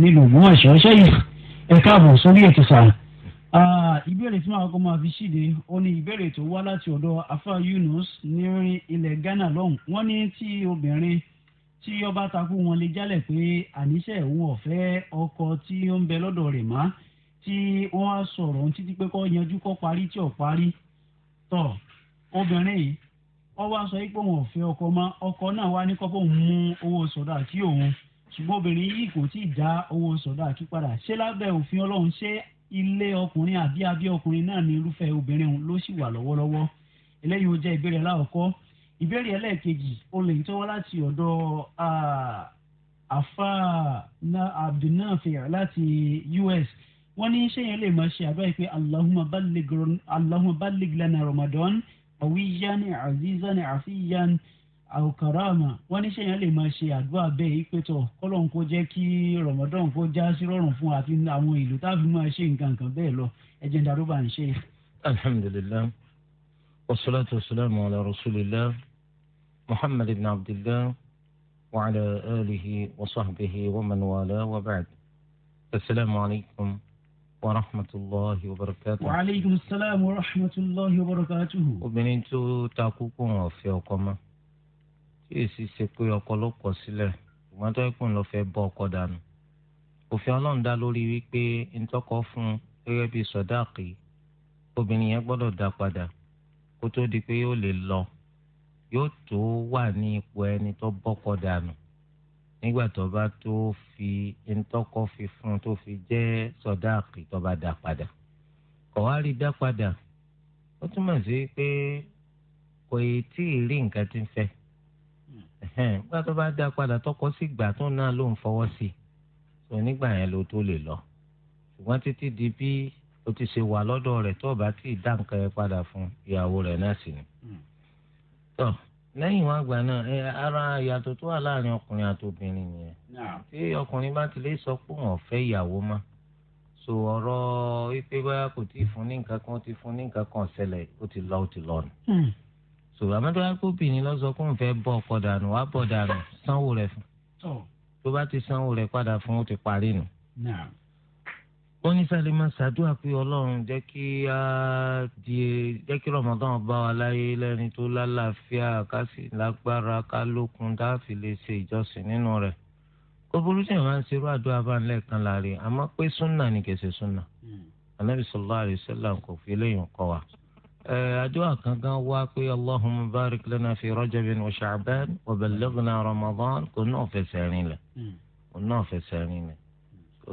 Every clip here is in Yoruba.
nílùú mọ́ ẹ̀ṣọ́ ṣẹ́yìn ẹ káàbọ̀ sórí ètò sáà. ìbéèrè tí màá kọ́ máa fi ṣíde ó ní ìbéèrè tó wá láti ọ̀dọ̀ afa Yunus ní ilẹ̀ Ghana lọ́hùn wọ́n ní tí obìnrin tí ọba takú wọn lè jálẹ̀ pé àníṣe òun ọ̀fẹ́ ọkọ tí ó ń bẹ lọ́dọ̀ rẹ̀ má tí wọ́n á sọ̀rọ̀ ohun títí pé kó yanjú kó parí tí ò parí tọ̀ obìnrin yìí wọ́n wá sọ pé òun ọ̀fẹ́ ọkọ mọ́ ọkọ náà wá ní kọ́pọ̀ ṣùgbọ́n obìnrin yìí kò tí ì dá owó sọ̀dọ̀ àkípadà ṣé lábẹ́ òfin ọlọ́run ṣé ilé ọkùnrin àbí abẹ́ ọkùnrin náà ní irúfẹ́ obìnrin òun ló sì wà lọ́wọ́lọ́wọ́ eléyìí ó jẹ́ ìbéèrè lákọ̀ọ́kọ́ ìbéèrè ẹlẹ́ẹ̀kejì olè tó wá láti ọ̀dọ̀ afa abdulnafi láti US wọ́n ní ṣé yẹn lè máa ṣe àbáyé pé Allahumma balligh lana Ramadan awiyan azizan afiyan àwòkàràmà wọn ní sẹyìn lè máa ṣe àdúrà bẹ́ẹ̀ ìpẹtọ kọlọhún kó jẹ́ kí rọmọdán kó já sí rọrùn fún àti àwọn ìlú táàfin máa ṣe nǹkan kan bẹ́ẹ̀ lọ ẹjẹ ń darúgbà ń ṣe. alhamdulilayi wasalaatu wasalaamu ala rasulillah muhammad ibn abdillah wa ala alihi wa sahbihi wa man wala wa ba'd asalaamu alaykum wa rahmatulahi wa barakatuhu. wa aleykum salaam wa rahmatulahi wa barakatuhu. obìnrin tó takú kó wọn fi ọkọ tí èsì ṣe pé ọkọ ló kọ sílẹ̀ ṣùgbọ́n tó ẹ̀kún lọ fẹ́ bọ́ ọkọ dànù. òfin ọlọ́run dá lórí wípé ntọ́kọ fún gẹ́gẹ́ bíi sọ̀dáàkì obìnrin yẹn gbọ́dọ̀ dá padà kó tó di pé yóò lè lọ yóò tó wà ní ipò ẹni tó bọ́kọ dànù nígbà tó bá tó fi ntọ́kọ fi fún tó fi jẹ́ sọ̀dáàkì tó bá dá padà kọ̀wárí dá padà ó túmọ̀ sí pé kò tí ì rí nǹkan tí ń fẹ́ nígbà tó bá dá padà tọkọ sí ìgbà tó náà ló ń fọwọ́ sí i nígbà yẹn ló tó lè lọ ṣùgbọ́n títí di bí o ti ṣe wà lọ́dọ̀ rẹ̀ tó bá tí ì dá nǹkan yẹn padà fún ìyàwó rẹ̀ náà sì ni. Hmm. tọ́ lẹ́yìn wọn àgbà náà ẹ ara ìyàtọ̀ tó wà láàrin ọkùnrin àti obìnrin nìyẹn tí ọkùnrin bá ti lè sọ pé wọn ò fẹ́ ìyàwó mọ́ so ọ̀rọ̀ wípé báyà kò tí ì fún ní nǹkan kan ó ti fún ní nǹkan kan ṣẹlẹ̀ ó ti lọ ó ti lọ nù ṣùgbọ́n àmọ́ tó bá kó bìnrin lọ́sọ kó ń fẹ́ bọ́ ọkọ dànù wá bọ̀ dànù sanwó rẹ̀ fún tó bá ti sanwó rẹ̀ padà fún ó ti parí nù. ó ní sálẹ̀ máa pé ọlọ́run jẹ́ kí á di jẹ́ kí rọ̀mọ́tàn bá wa láyé lẹ́ni tó lálàáfíà ká sì lágbára ká lókun tá a fi lè ṣe ìjọsìn nínú rẹ̀ ó burú tí ìwà ń ṣerú àdúrà bá ń lẹ́ẹ̀kan láàrin àmọ́ pé súnà ni kèsè súnà anábì hmm. sallallahu alaihi wasallam kò àdúrà eh, kankan wá pé allahumma barik lana fi rajabin wa sha'ban wa ballighna ramadan kò náà fẹsẹ̀ rìn lẹ̀ hmm. kò náà fẹsẹ̀ rìn lẹ̀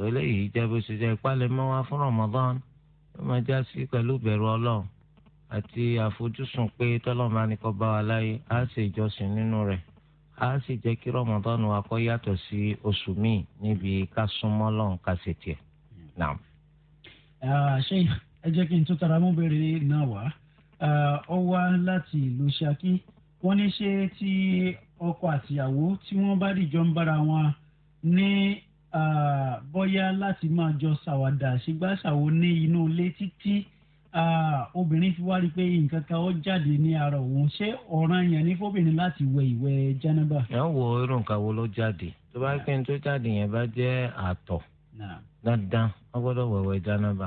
eléyìí jẹ́ bó ṣe jẹ́ ìpalẹ̀ mọ́ wa fún ramadan ló máa já sí pẹ̀lú bẹ̀rù ọlọ́run àti àfojúsùn pé tọ́lọ́mọ anìkọ́ bá wa ó wá láti ìlú Ṣakí wọ́n ní ṣe tí ọkọ àtìyàwó tí wọ́n bá dìjọ ń bára wọn ní bóyá láti máa jọ ṣàwàdà ṣègbàṣàwò ní inú ilé títí obìnrin fi wá rí i pé nǹkan kan ó jáde ní ara òun ṣé ọ̀ràn yẹn ní fóbìnrin láti wẹ ìwẹ̀ jánábà. yẹn wo irú nǹkan wo ló jáde tó bá pẹ́ ní tó jáde yẹn bá jẹ́ àtọ̀ dandan wọ́n gbọ́dọ̀ wẹ̀wẹ̀ jánábà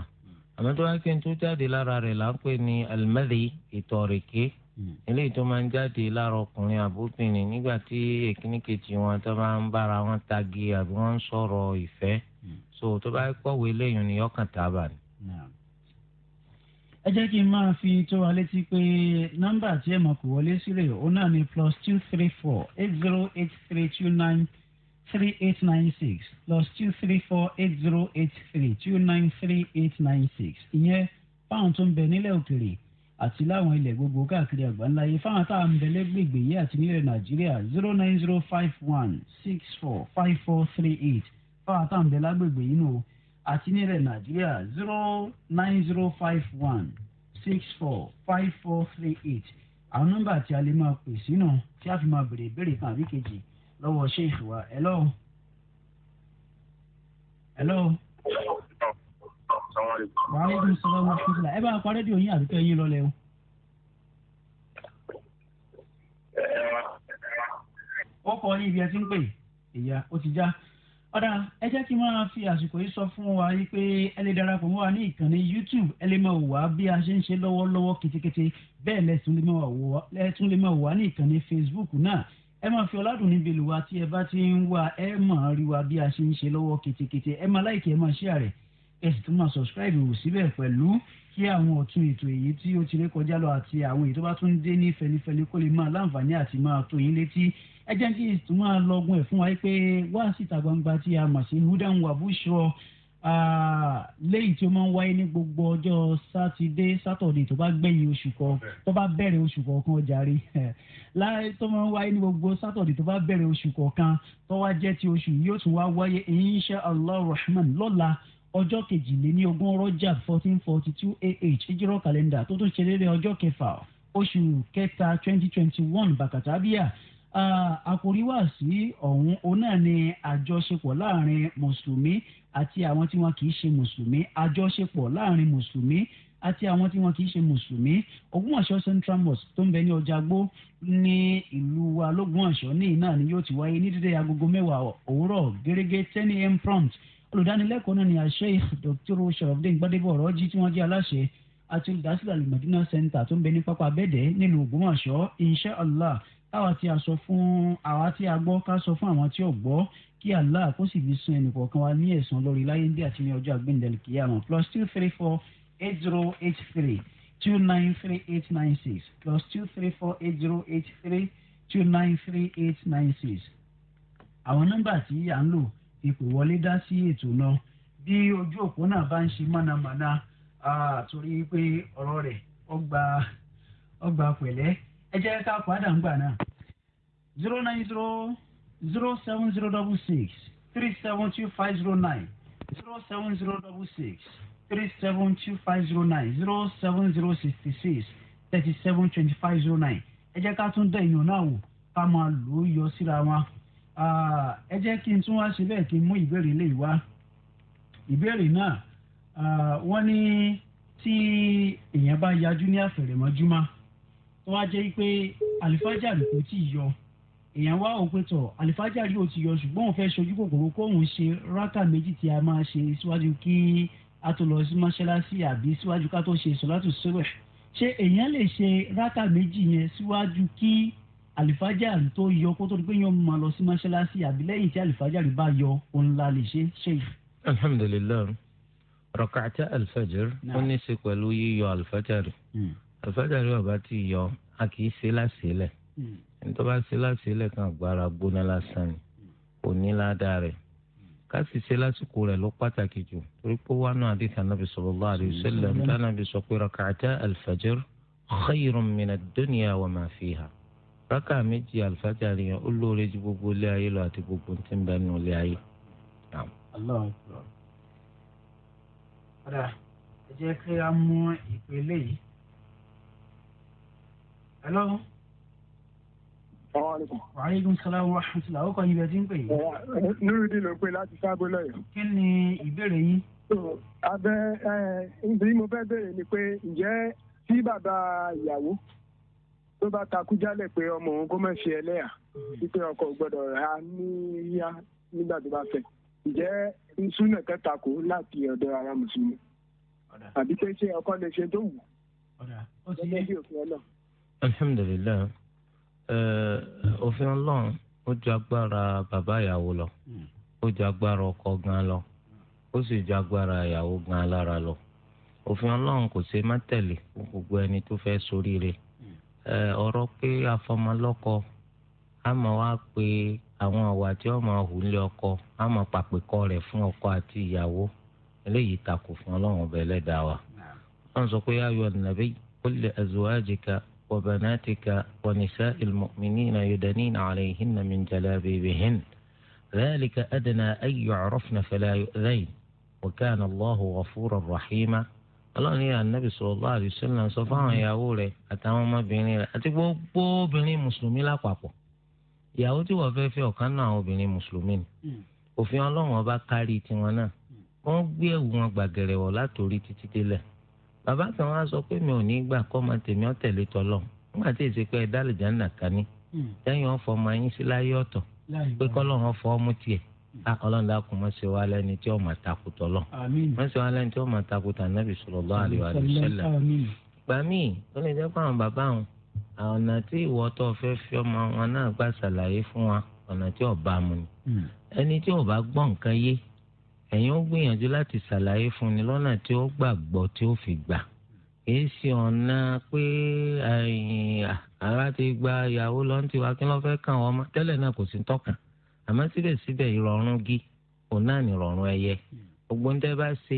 àmọ́ tó wáá kéwìn tó jáde lára rẹ̀ là ń pè ní alimẹ́lì ìtọ̀rẹ̀kẹ́ hmm. eléyìí tó máa ń jáde lára ọkùnrin àbóbìnrin nígbà tí èkíní wọn tó bá ń bára wọn tagi àbí wọn ń sọ̀rọ̀ ìfẹ́ hmm. so tó bá kọ̀wé lẹ́yìn ni ọkàn tábà ni. ẹ jẹ́ kí n máa fi tó wa létí pé nọ́mbà tí ẹ̀ mọ̀ kò wọlé sílẹ̀ òun ni plus two three four eight zero eight three two nine three eight nine six plus two three four eight zero eight three two nine three eight nine six ìyẹn fáwọn tó ń bẹ nílẹ̀ òkèèrè àti láwọn ilẹ̀ gbogbo káàkiri àgbáńláyé fáwọn tá à ń bẹ lẹ́gbẹ̀gbẹ̀ yìí àti nílẹ̀ nàìjíríà zero nine zero five one six four five four three eight fáwọn tá à ń bẹ lágbègbè yìí nù àti nílẹ̀ nàìjíríà zero nine zero five one six four five four three eight àwọn nọ́mbà tí a lè máa pè sínú tí a fi máa béèrè ìbéèrè kan àbí kejì 0244 lọ́wọ́ ṣéèfù wa hello hello. wàhálà ìdúró sọ́wọ́ wọn fún sílá ẹ bá pa rédíò yín àbíkẹ́ yín lọ́lẹ̀ o. ó kọ ní ibi ẹ ti ń pè ìyá ó ti já ọ̀dà ẹ jẹ́ kí n máa fi àsìkò yìí sọ fún wa pé ẹ lè darapọ̀ mọ́ wa ní ìkànnì YouTube ẹ lè máa wà bí a ṣe ń ṣe lọ́wọ́lọ́wọ́ ketekete bẹ́ẹ̀ lẹ́tún lè máa wà ní ìkànnì Facebook náà ẹ máa fi ọládùn níbi ìlú wa tí ẹ bá ti ń wá ẹ máa rí wa bí a ṣe ń ṣe lọ́wọ́ ketekete ẹ máa láìkí ẹ máa share rẹ̀ ẹ sì tún máa subscribe wò síbẹ̀ pẹ̀lú kí àwọn ọ̀tún ètò èyí tí ó ti ré kọjá lọ àti àwọn èyí tó bá tún dé ní fẹlifẹli kó lè máa láǹfààní àti máa tó yín létí ẹ jẹ́ kí ìtumọ̀ lọ́gùn ẹ̀ fún wa pé wá síta gbangba tí a mà sí húdà ń wà bú ṣọ́ lẹ́yìn tí ó máa ń wáyé ní gbogbo ọjọ́ sátidé sátọ̀dé tó bá gbẹ̀yìn oṣù kan tó bá bẹ̀rẹ̀ oṣù kọ̀ọ̀kan jàre láì tó máa ń wáyé ní gbogbo sátọ̀dé tó bá bẹ̀rẹ̀ oṣù kọ̀ọ̀kan tó wá jẹ́ ti oṣù yóò tún wá wáyé insha allah rahman lọ́la ọjọ́ kejìléní ogún rọ́jà fourteen forty two ah ìjírọ̀ kàlẹ́ndà tó tún ṣe déédéé ọjọ́ kẹfà oṣù kẹta twenty twenty one bàkàtàbíà àkòrí wà sí ọ̀hún òun náà ni àjọṣepọ̀ láàrin mùsùlùmí àti àwọn tí wọn kì í ṣe mùsùlùmí àjọṣepọ̀ láàrin mùsùlùmí àti àwọn tí wọn kì í ṣe mùsùlùmí Ògbómọ̀ṣọ́ Central Mosque tó ń bẹ ní ọjà gbó ní ìlú wa lÓgbómọ̀ṣọ́ ní ìná ni yóò ti wáyé ní dídé agogo mẹ́wàá òwúrọ̀ gẹ́gẹ́ ten a.m. prompt olùdánilẹ́kọ̀ọ́ náà ni Sheikh Dr. Sharafdin Gbadebo Ọ̀rọ̀jì tí wọ́n jẹ́ aláṣẹ àti olùdásílẹ̀ Al-Madina Center tó ń bẹ ní pápá abẹ́dẹ́ nílùú Ògbómọ̀ṣọ́ insha Allah káwa tí a sọ fún àwa tí a gbọ́ ká sọ fún àwọn tí ò gbọ́ kí Allah kó sì fi san ẹnì kọ̀ọ̀kan wa ní ẹ̀san lórí láyé bí àti ní ọjọ́ àgbéǹdẹ̀lì kìyàmọ̀ plus two three four eight zero eight three two nine three eight nine six plus two three four eight zero eight three two nine three eight nine six. àwọn nọ́mbà tí à ń lò ìpè wọlé dá sí ètò náà bí ojú òpó náà bá ń ṣe mọ̀nàmọ́ná torí pé ọ̀rọ̀ rẹ̀ ọgbà ọgbà pẹ̀lẹ́ ẹ jẹ́ ká padà ń gbà náà zero nine zero zero seven zero double six three seven two five zero nine zero seven zero double six three seven two five zero nine zero seven zero sixty six thirty seven twenty five zero nine ẹ ká tún dá èèyàn náà wò ká máa lò ó yọ síra wọn ah, ẹ kí n tún wá ṣe bẹ́ẹ̀ kí n mú ìbéèrè lè wá ìbéèrè náà ah, wọ́n ní tí èèyàn bá yajú ní àfẹ̀rẹ̀mọ́júmọ́ tó wá jẹ́ pé àlìfájàrí kò tí ì yọ èèyàn wá òpin tọ̀ àlìfájàrí ò ti yọ ṣùgbọ́n òun fẹ́ ṣojú kòkòrò kóun ṣe rákà méjì tí a máa ṣe síwájú kí a tó lọ sí mọ́ṣáláṣí àbí síwájú ká tó ṣe sọ́látù sọ́rọ̀ ṣé èèyàn lè ṣe rákà méjì yẹn síwájú kí àlìfájàrí tó yọ kó tó di pé yẹn máa lọ sí mọ́ṣáláṣí àbí lẹ́yìn tí àlìfájàrí bá yọ òun la lè ṣe ṣe. alhamdulilayi rakata alfajr ó ní í ṣe pẹ̀lú yíyọ alfajr. Mm àfájàrí ọba ti yọ a kì í ṣe láṣìílẹ̀ hmm. nítorí bá ṣe láṣìílẹ̀ kan gbára gbóná lásán ni kò ní ládàá rẹ̀ ká sì ṣe lásìkò rẹ̀ ló pàtàkì jù torí pé wà náà àdìsá nàbì sallallahu alaihi wasallam hmm. níta nàbì sọ pé rak'ata al-fajr khayrun min ad-dunya wa ma fiha rákà méjì àlùfájàrí yẹn ó lóore ju gbogbo ilé ayé lọ àti gbogbo tí ń bẹ nù ilé ayé. Hello. Wàhálẹ́gùn sálàmù wàhálẹ́sílà ó kọ́ níbi ẹtí ń pè yín. láti lọ́yọ̀. Kí ni ìbéèrè yín? ibi mo fẹ́ ni pé ǹjẹ́ tí bàbá ìyàwó tó bá ọmọ òun kó má ṣe mm-hmm. ọkọ gbọ́dọ̀ rà ní yá nígbà tó bá ara mùsùlùmí? Àbí ọkọ lè ṣe tó wù? alhamdulilayi eh, òfin ọlọ́run ó ju agbára bàbá ìyàwó lọ ó ju agbára ọkọ gan lọ ó sì ju agbára ìyàwó gan lára lọ òfin ọlọ́run kò ṣe má gbogbo ẹni tó fẹ́ ṣoríire eh, ọ̀rọ̀ pé afọmọlọ́kọ a máa wá pé àwọn àwa tí ọkọ a máa pàpèkọ rẹ̀ fún ọkọ àti ìyàwó eléyìí takò fún ọlọ́run ọbẹ̀ ẹlẹ́dàá wa. wọ́n sọ pé وبناتك ونساء المؤمنين يدنين عليهن من جلابيبهن ذلك أدنى أن يعرفن فلا يؤذين وكان الله غفورا رحيما ọlọ́run ní anabi sọ̀rọ̀ àdìsọ́lá sọ fáwọn ìyàwó rẹ̀ àtàwọn ọmọbìnrin rẹ̀ àti gbogbo obìnrin mùsùlùmí lápapọ̀ ìyàwó tí wọ́n fẹ́ẹ́ fẹ́ ọ̀kan náà àwọn obìnrin mùsùlùmí ni òfin ọlọ́run ọba kárí tiwọn náà wọ́n gbé ẹ̀wù wọn gbàgẹ̀rẹ̀ wọ̀ látòrí títí délẹ̀ bàbá kan wá sọ pé mi ò ní gbà kọ́ máa tèmi ọ̀tẹ̀lé tọ́lọ̀ nígbà tí èsì pé ẹ̀dá àlùjá nà ká ní lẹ́yìn hmm. ọ̀fọ̀ máa yín sí láyé ọ̀tọ̀ pé kọ́lọ́run ọ̀fọ̀ ọmú tiẹ̀ ọlọ́run dákun má ṣe wá lẹ́ni tí ó máa takò tọ́lọ̀ má ṣe wá lẹ́ni tí ó máa takò tànàbì sallallahu alaihi wa sallam gbà míì ó lè jẹ́ pé bàbá wọn ọ̀nà tí ìwọ fẹ́ fi ọmọ wọn náà gbà ṣàlàyé fún wa ọ̀nà tí ò bá mu ni hmm. ẹni tí ò bá gbọ́ nǹkan yé ẹ̀yin ó gbìyànjú láti ṣàlàyé fún ni lọ́nà tí ó gbàgbọ́ tí ó fi gbà kìí ṣe ọ̀nà pé ara ti gba ìyàwó lọ́n tiwa kí ló fẹ́ kàn wọ́n mọ́ tẹ́lẹ̀ náà kò sí tọ́kàn àmọ́ síbẹ̀síbẹ̀ ìrọ̀rùn gí òun náà ní ìrọ̀rùn ẹyẹ gbogbo ń tẹ́ bá ṣe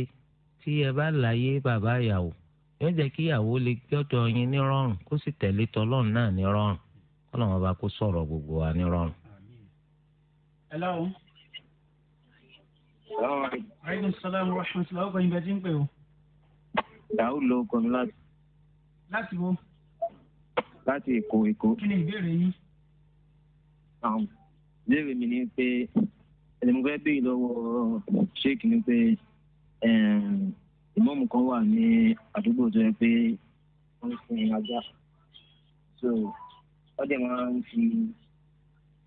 tí ẹ bá láyé bàbá ìyàwó yóò jẹ́ kí ìyàwó lè gbọ́dọ̀ yín ní rọrùn kó sì tẹ̀lé tọlọ́run náà ní rọrùn kọ́lọ́run bá kó sọ̀rọ̀ gbogbo wa ní rọrùn. ẹ lọ́run aleykum salaam wa rahmatulah ọkọ yìí bẹ ti ń pè o. dàúd ló kọ mi láti. láti wo. láti èkó èkó. kí ni ìbéèrè yín. ìbéèrè mi ni pé ẹni mo fẹ́ béèrè lọ́wọ́ sheik ni pé ìmọ̀ọ́mù kan wà ní àdúgbò tó yẹ pé wọ́n ń sin ajá so wọ́n dẹ̀ máa ń fi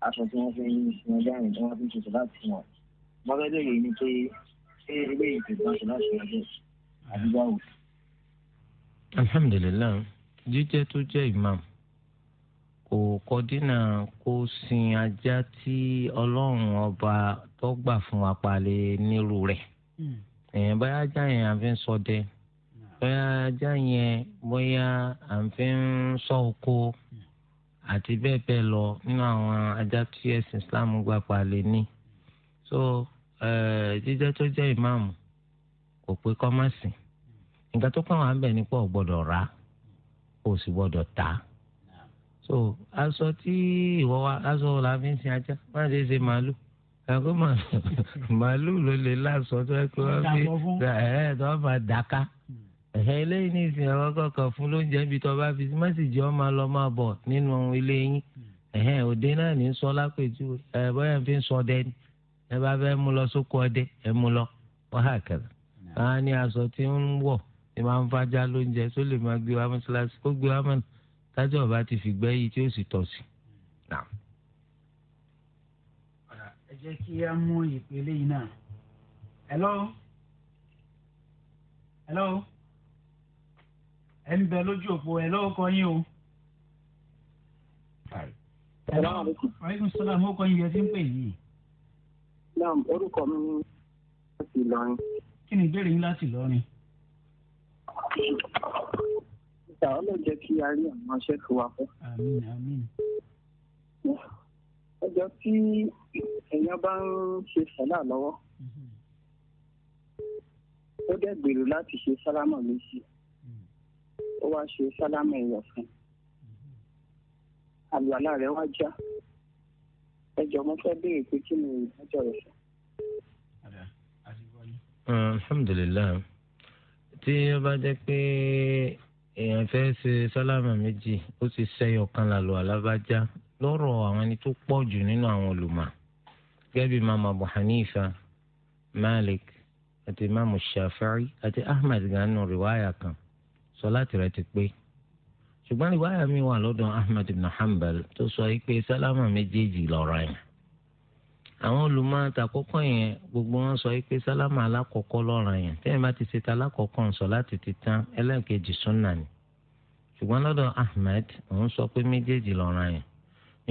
aṣọ tí wọ́n fi sin ajá rìn tí wọ́n fi ṣètò láti wọn mo fẹ́ bẹ̀rẹ̀ ni pé ṣé ilé ìgbìmọ̀ ṣe láti ọjọ́ àdúgbò. alhamdulilayi jíjẹ tó jẹ imam kò kọdínà kó sin ajá tí ọlọ́run ọba tó gbà fún wa palẹ̀ nírú rẹ̀ èèyàn hmm. bá ajá yẹn àfi ń ṣọdẹ hmm. bóyá ajá yẹn bóyá àfi ń ṣọ́ oko hmm. àti bẹ́ẹ̀ bẹ́ẹ̀ lọ nínú àwọn ajá tí ẹ̀sìn Islam gbà palẹ̀ ní. so eh, jíjẹ́ tó jẹ ìmáàmù kò pé kọ́ má sìn nǹkan tó kàn wá ń bẹ̀ nípa ò rà kò sì gbọ́dọ̀ tà so aṣọ tí ìwọ wa aṣọ la fi ń sin ajá má ṣe ṣe màálù ẹ̀kọ́ màálù ló lè láṣọ tó ẹ kó wọ́n fi ẹ̀ tó dàka hmm. ní ìsìn ẹ̀rọ kọ̀ọ̀kan fún lóúnjẹ níbi tó bá ilé yín hmm. ẹ bá fẹ́ mú lọ sóko ọdẹ ẹ mú lọ wọ́n hà kẹlẹ̀ báwa ní aṣọ tí ń wọ̀ ẹ máa ń fájá lóúnjẹ tó lè máa gbé wa mọ́ṣáláṣí kó gbé wa mọ́nà tájọ́ ọba ti fìgbẹ́ yìí tí ó sì tọ̀ sí. ẹ jẹ́ kí a mú ìpele yìí náà. hello hello ẹ ń bẹ lójú òpó ẹ lọ́wọ́ yín o. hello aleykum salaam ó kọ yín yẹn tí ń pè yìí naam orúkọ mi ni láti Ìlọrin. kí ni ìbéèrè yín láti Ìlọrin. ìta ọlọ́ọ̀ jẹ́ kí a rí àwọn aṣẹ́ tó wà fún. àmín àmín. ọjọ́ tí èèyàn bá ń ṣe sàlá lọ́wọ́ ó dẹ̀ gbèrò láti ṣe sálámà méjì ó wá ṣe sálámà ẹ̀yọ̀ fún un àlùwàlá rẹ̀ wá já ẹ jọ̀ọ́ mo fẹ́ béèrè pé kí ni ìdájọ́ rẹ̀ sọ. alhamdulilayi tí ó bá jẹ́ pé èèyàn fẹ́ ṣe sálámà méjì ó ti ṣẹyọ kan lálọ́ alábàjá lọ́rọ̀ àwọn ẹni tó pọ̀ jù nínú àwọn olùmọ̀ gẹ́gẹ́ bí mama abu hanifa malik àti imaamu shafi'i àti ahmed ganu riwaya kan sọ láti rẹ̀ ti pé ṣùgbọ́n ìwáyà mi wà lọ́dọ̀ Ahmad ibn Hanbal tó sọ pé sálámà méjèèjì lọ́rọ̀ yẹn àwọn olùmọ̀ọ́ta kọ́kọ́ yẹn gbogbo wọn sọ pé sálámà alákọ̀ọ́kọ́ lọ́rọ̀ yẹn tẹ́yìn bá ti ṣe ta alákọ̀ọ́kọ́ ń sọ láti ti tán ẹlẹ́ẹ̀kejì súnà ni ṣùgbọ́n lọ́dọ̀ Ahmad òun sọ pé méjèèjì lọ́rọ̀ yẹn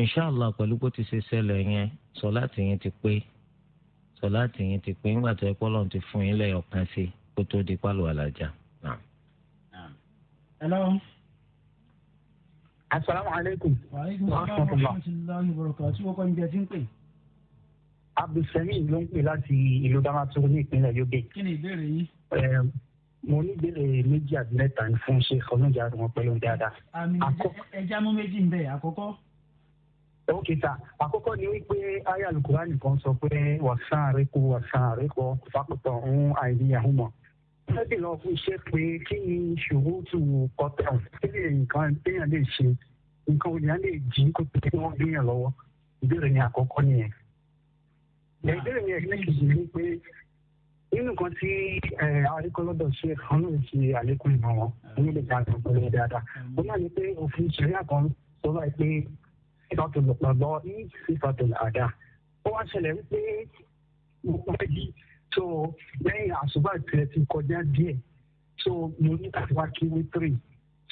inshàlá pẹ̀lú bó ti ṣe ṣẹlẹ̀ yẹn sọ láti yẹn ti pé sọ láti yẹn ti pé nígbà tó ẹ pọ́lọ́n ti fún yín lẹ́yọ̀kan sí kó tó di pálọ̀ àlàjá. Hello asalaamualeykum. waaleykum salaam wa rahmatulahi wa barakatuh. wọ́n kọ́ ní bí ẹ ti ń pè. abdulsami ló ń pè láti ìlú damaturu ní ìpínlẹ̀ yobe. kí ni ìbéèrè yín. mo ní ìbéèrè méjì àti mẹ́ta ní fún ṣe ọlọ́jà àdùnmọ́ pẹ̀lú dáadáa. àmì ẹja mú méjì ń bẹ àkọ́kọ́. ó kìtà àkọ́kọ́ ni wípé aya alukurani kan sọ pé wàsán àrékò wàsán àrékò fàkùtà òun àìníyàwó mọ́ tẹ́lẹ̀ lọ fún iṣẹ́ pé kí ni ìṣòro tó wò kọ́tà tẹ́lẹ̀ nǹkan téèyàn lè ṣe nǹkan òyìnbó lè jí kó tó kí wọ́n gbéyàn lọ́wọ́ ìbéèrè ni àkọ́kọ́ nìyẹn. ìbéèrè ni ẹgbẹ́ kejì ni pé nínú kan tí àríkọ́lọ́dọ̀ ṣe kan náà ṣe àlékún ìmọ̀ wọn nínú lè dáa gbogbo rẹ̀ dáadáa ó máa ní pé òfin ìṣẹ̀lẹ̀ kan tó bá pé ìfàtòlọ́gbọ́ ní ìfàtòlọ́ àdá ó wá ṣẹlẹ̀ wípé mo pẹ́ so lẹ́yìn àṣùbà tirẹ̀ ti kọjá díẹ̀ so mo ní láti wá kí wítìrì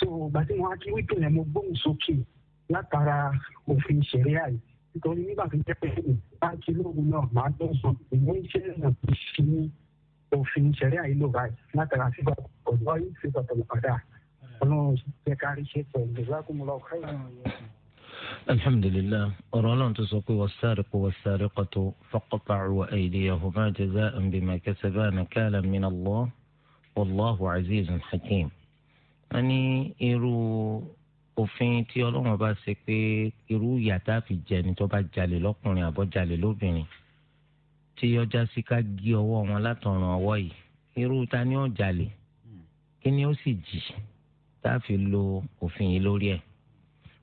so ìgbà tí mo wá kí wítìrì yẹn mo gbóhùn sókè látara òfin ṣẹ̀ríà yìí nítorí nígbà tó jẹ́ pé báńkì lóògùn náà máa tó sùn ìwé iṣẹ́ náà ti fi òfin ṣẹ̀ríà yìí lò báyìí látara sígbà ọ̀dọ́ yìí sígbà tọ̀lọ̀ padà ọlọ́run jẹ́ ká rí ṣe pẹ̀lú ìlú yìí. الحمد لله ọlọ́run tó والسارق والسارقة فقطعوا أيديهما جزاء بما كسبا aydiyahuma من الله والله عزيز حكيم. Allah wallahu azizun hakim. wọ́n ní irú òfin tí ọlọ́run bá ṣe pé irú yàtá fi jẹni tó bá jalè lọ́kùnrin àbọ̀jalè lóbìnrin tí ọjà sí ká gé ọwọ́ wọn látọ̀ràn ọwọ́ yìí irú ta ni ó jalè kí ni ó sì jì tá a fi lo òfin yìí lórí ẹ̀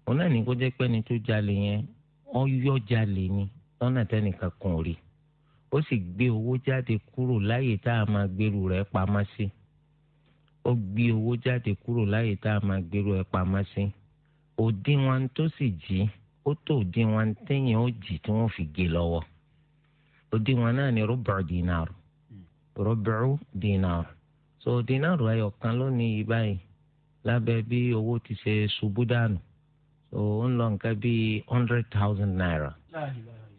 òun náà ní kó jẹ́ pẹ́ni tó jalè yẹn ó yọ́ jalè ni lọ́nà tẹ́nìkan kan ò rí ó sì gbé owó jáde kúrò láyè tá a máa gbèrú rẹ̀ pamọ́ sí ó gbé owó jáde kúrò láyè tá a máa gbèrú rẹ̀ pamọ́ sí òdiwọ̀n tó sì jí ó tó òdiwọ̀n téèyàn ó jì tí wọ́n fi gé e lọ́wọ́ òdiwọ̀n náà ni rúbù dínàrù rúbù dínàrù so dínàrù ẹyọ kan lónìí yìí báyìí lábẹ́ bí owó ti ṣe ṣubú dànù òun lọ nǹkan bíi hundred thousand naira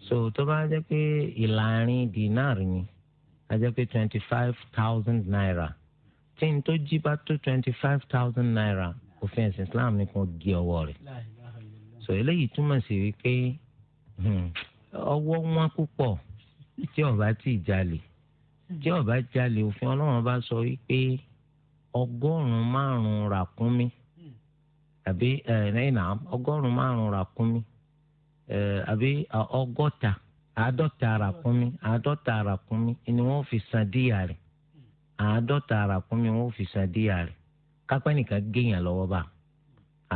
so tó bá jẹ́ pé ìlàrin dinar ni a jẹ́ pé twenty five thousand naira tí n tó jí bá tó twenty five thousand naira òfin ẹ̀sìn islam nìkan gé ọwọ́ rẹ̀ so eléyìí túmọ̀ sí wípé hmm, ọwọ́ wọn púpọ̀ tí ọba tí ì jalè tí ọba jalè òfin ọlọ́run bá sọ wípé ọgọ́rùn-ún márùn-ún ràkúnmí. àbí ẹ̀ẹ́nà eh, ọgọ́rùn márùn ràkúnmí eh, àbí ọgọ́ta àádọ́ta ràkúnmí àádọ́ta ràkúnmí ni wọ́n fi san díyà rẹ̀ àádọ́ta ràkúnmí wọ́n fi san díyà rẹ̀ kápẹ́ nìkan géèyàn lọ́wọ́ bá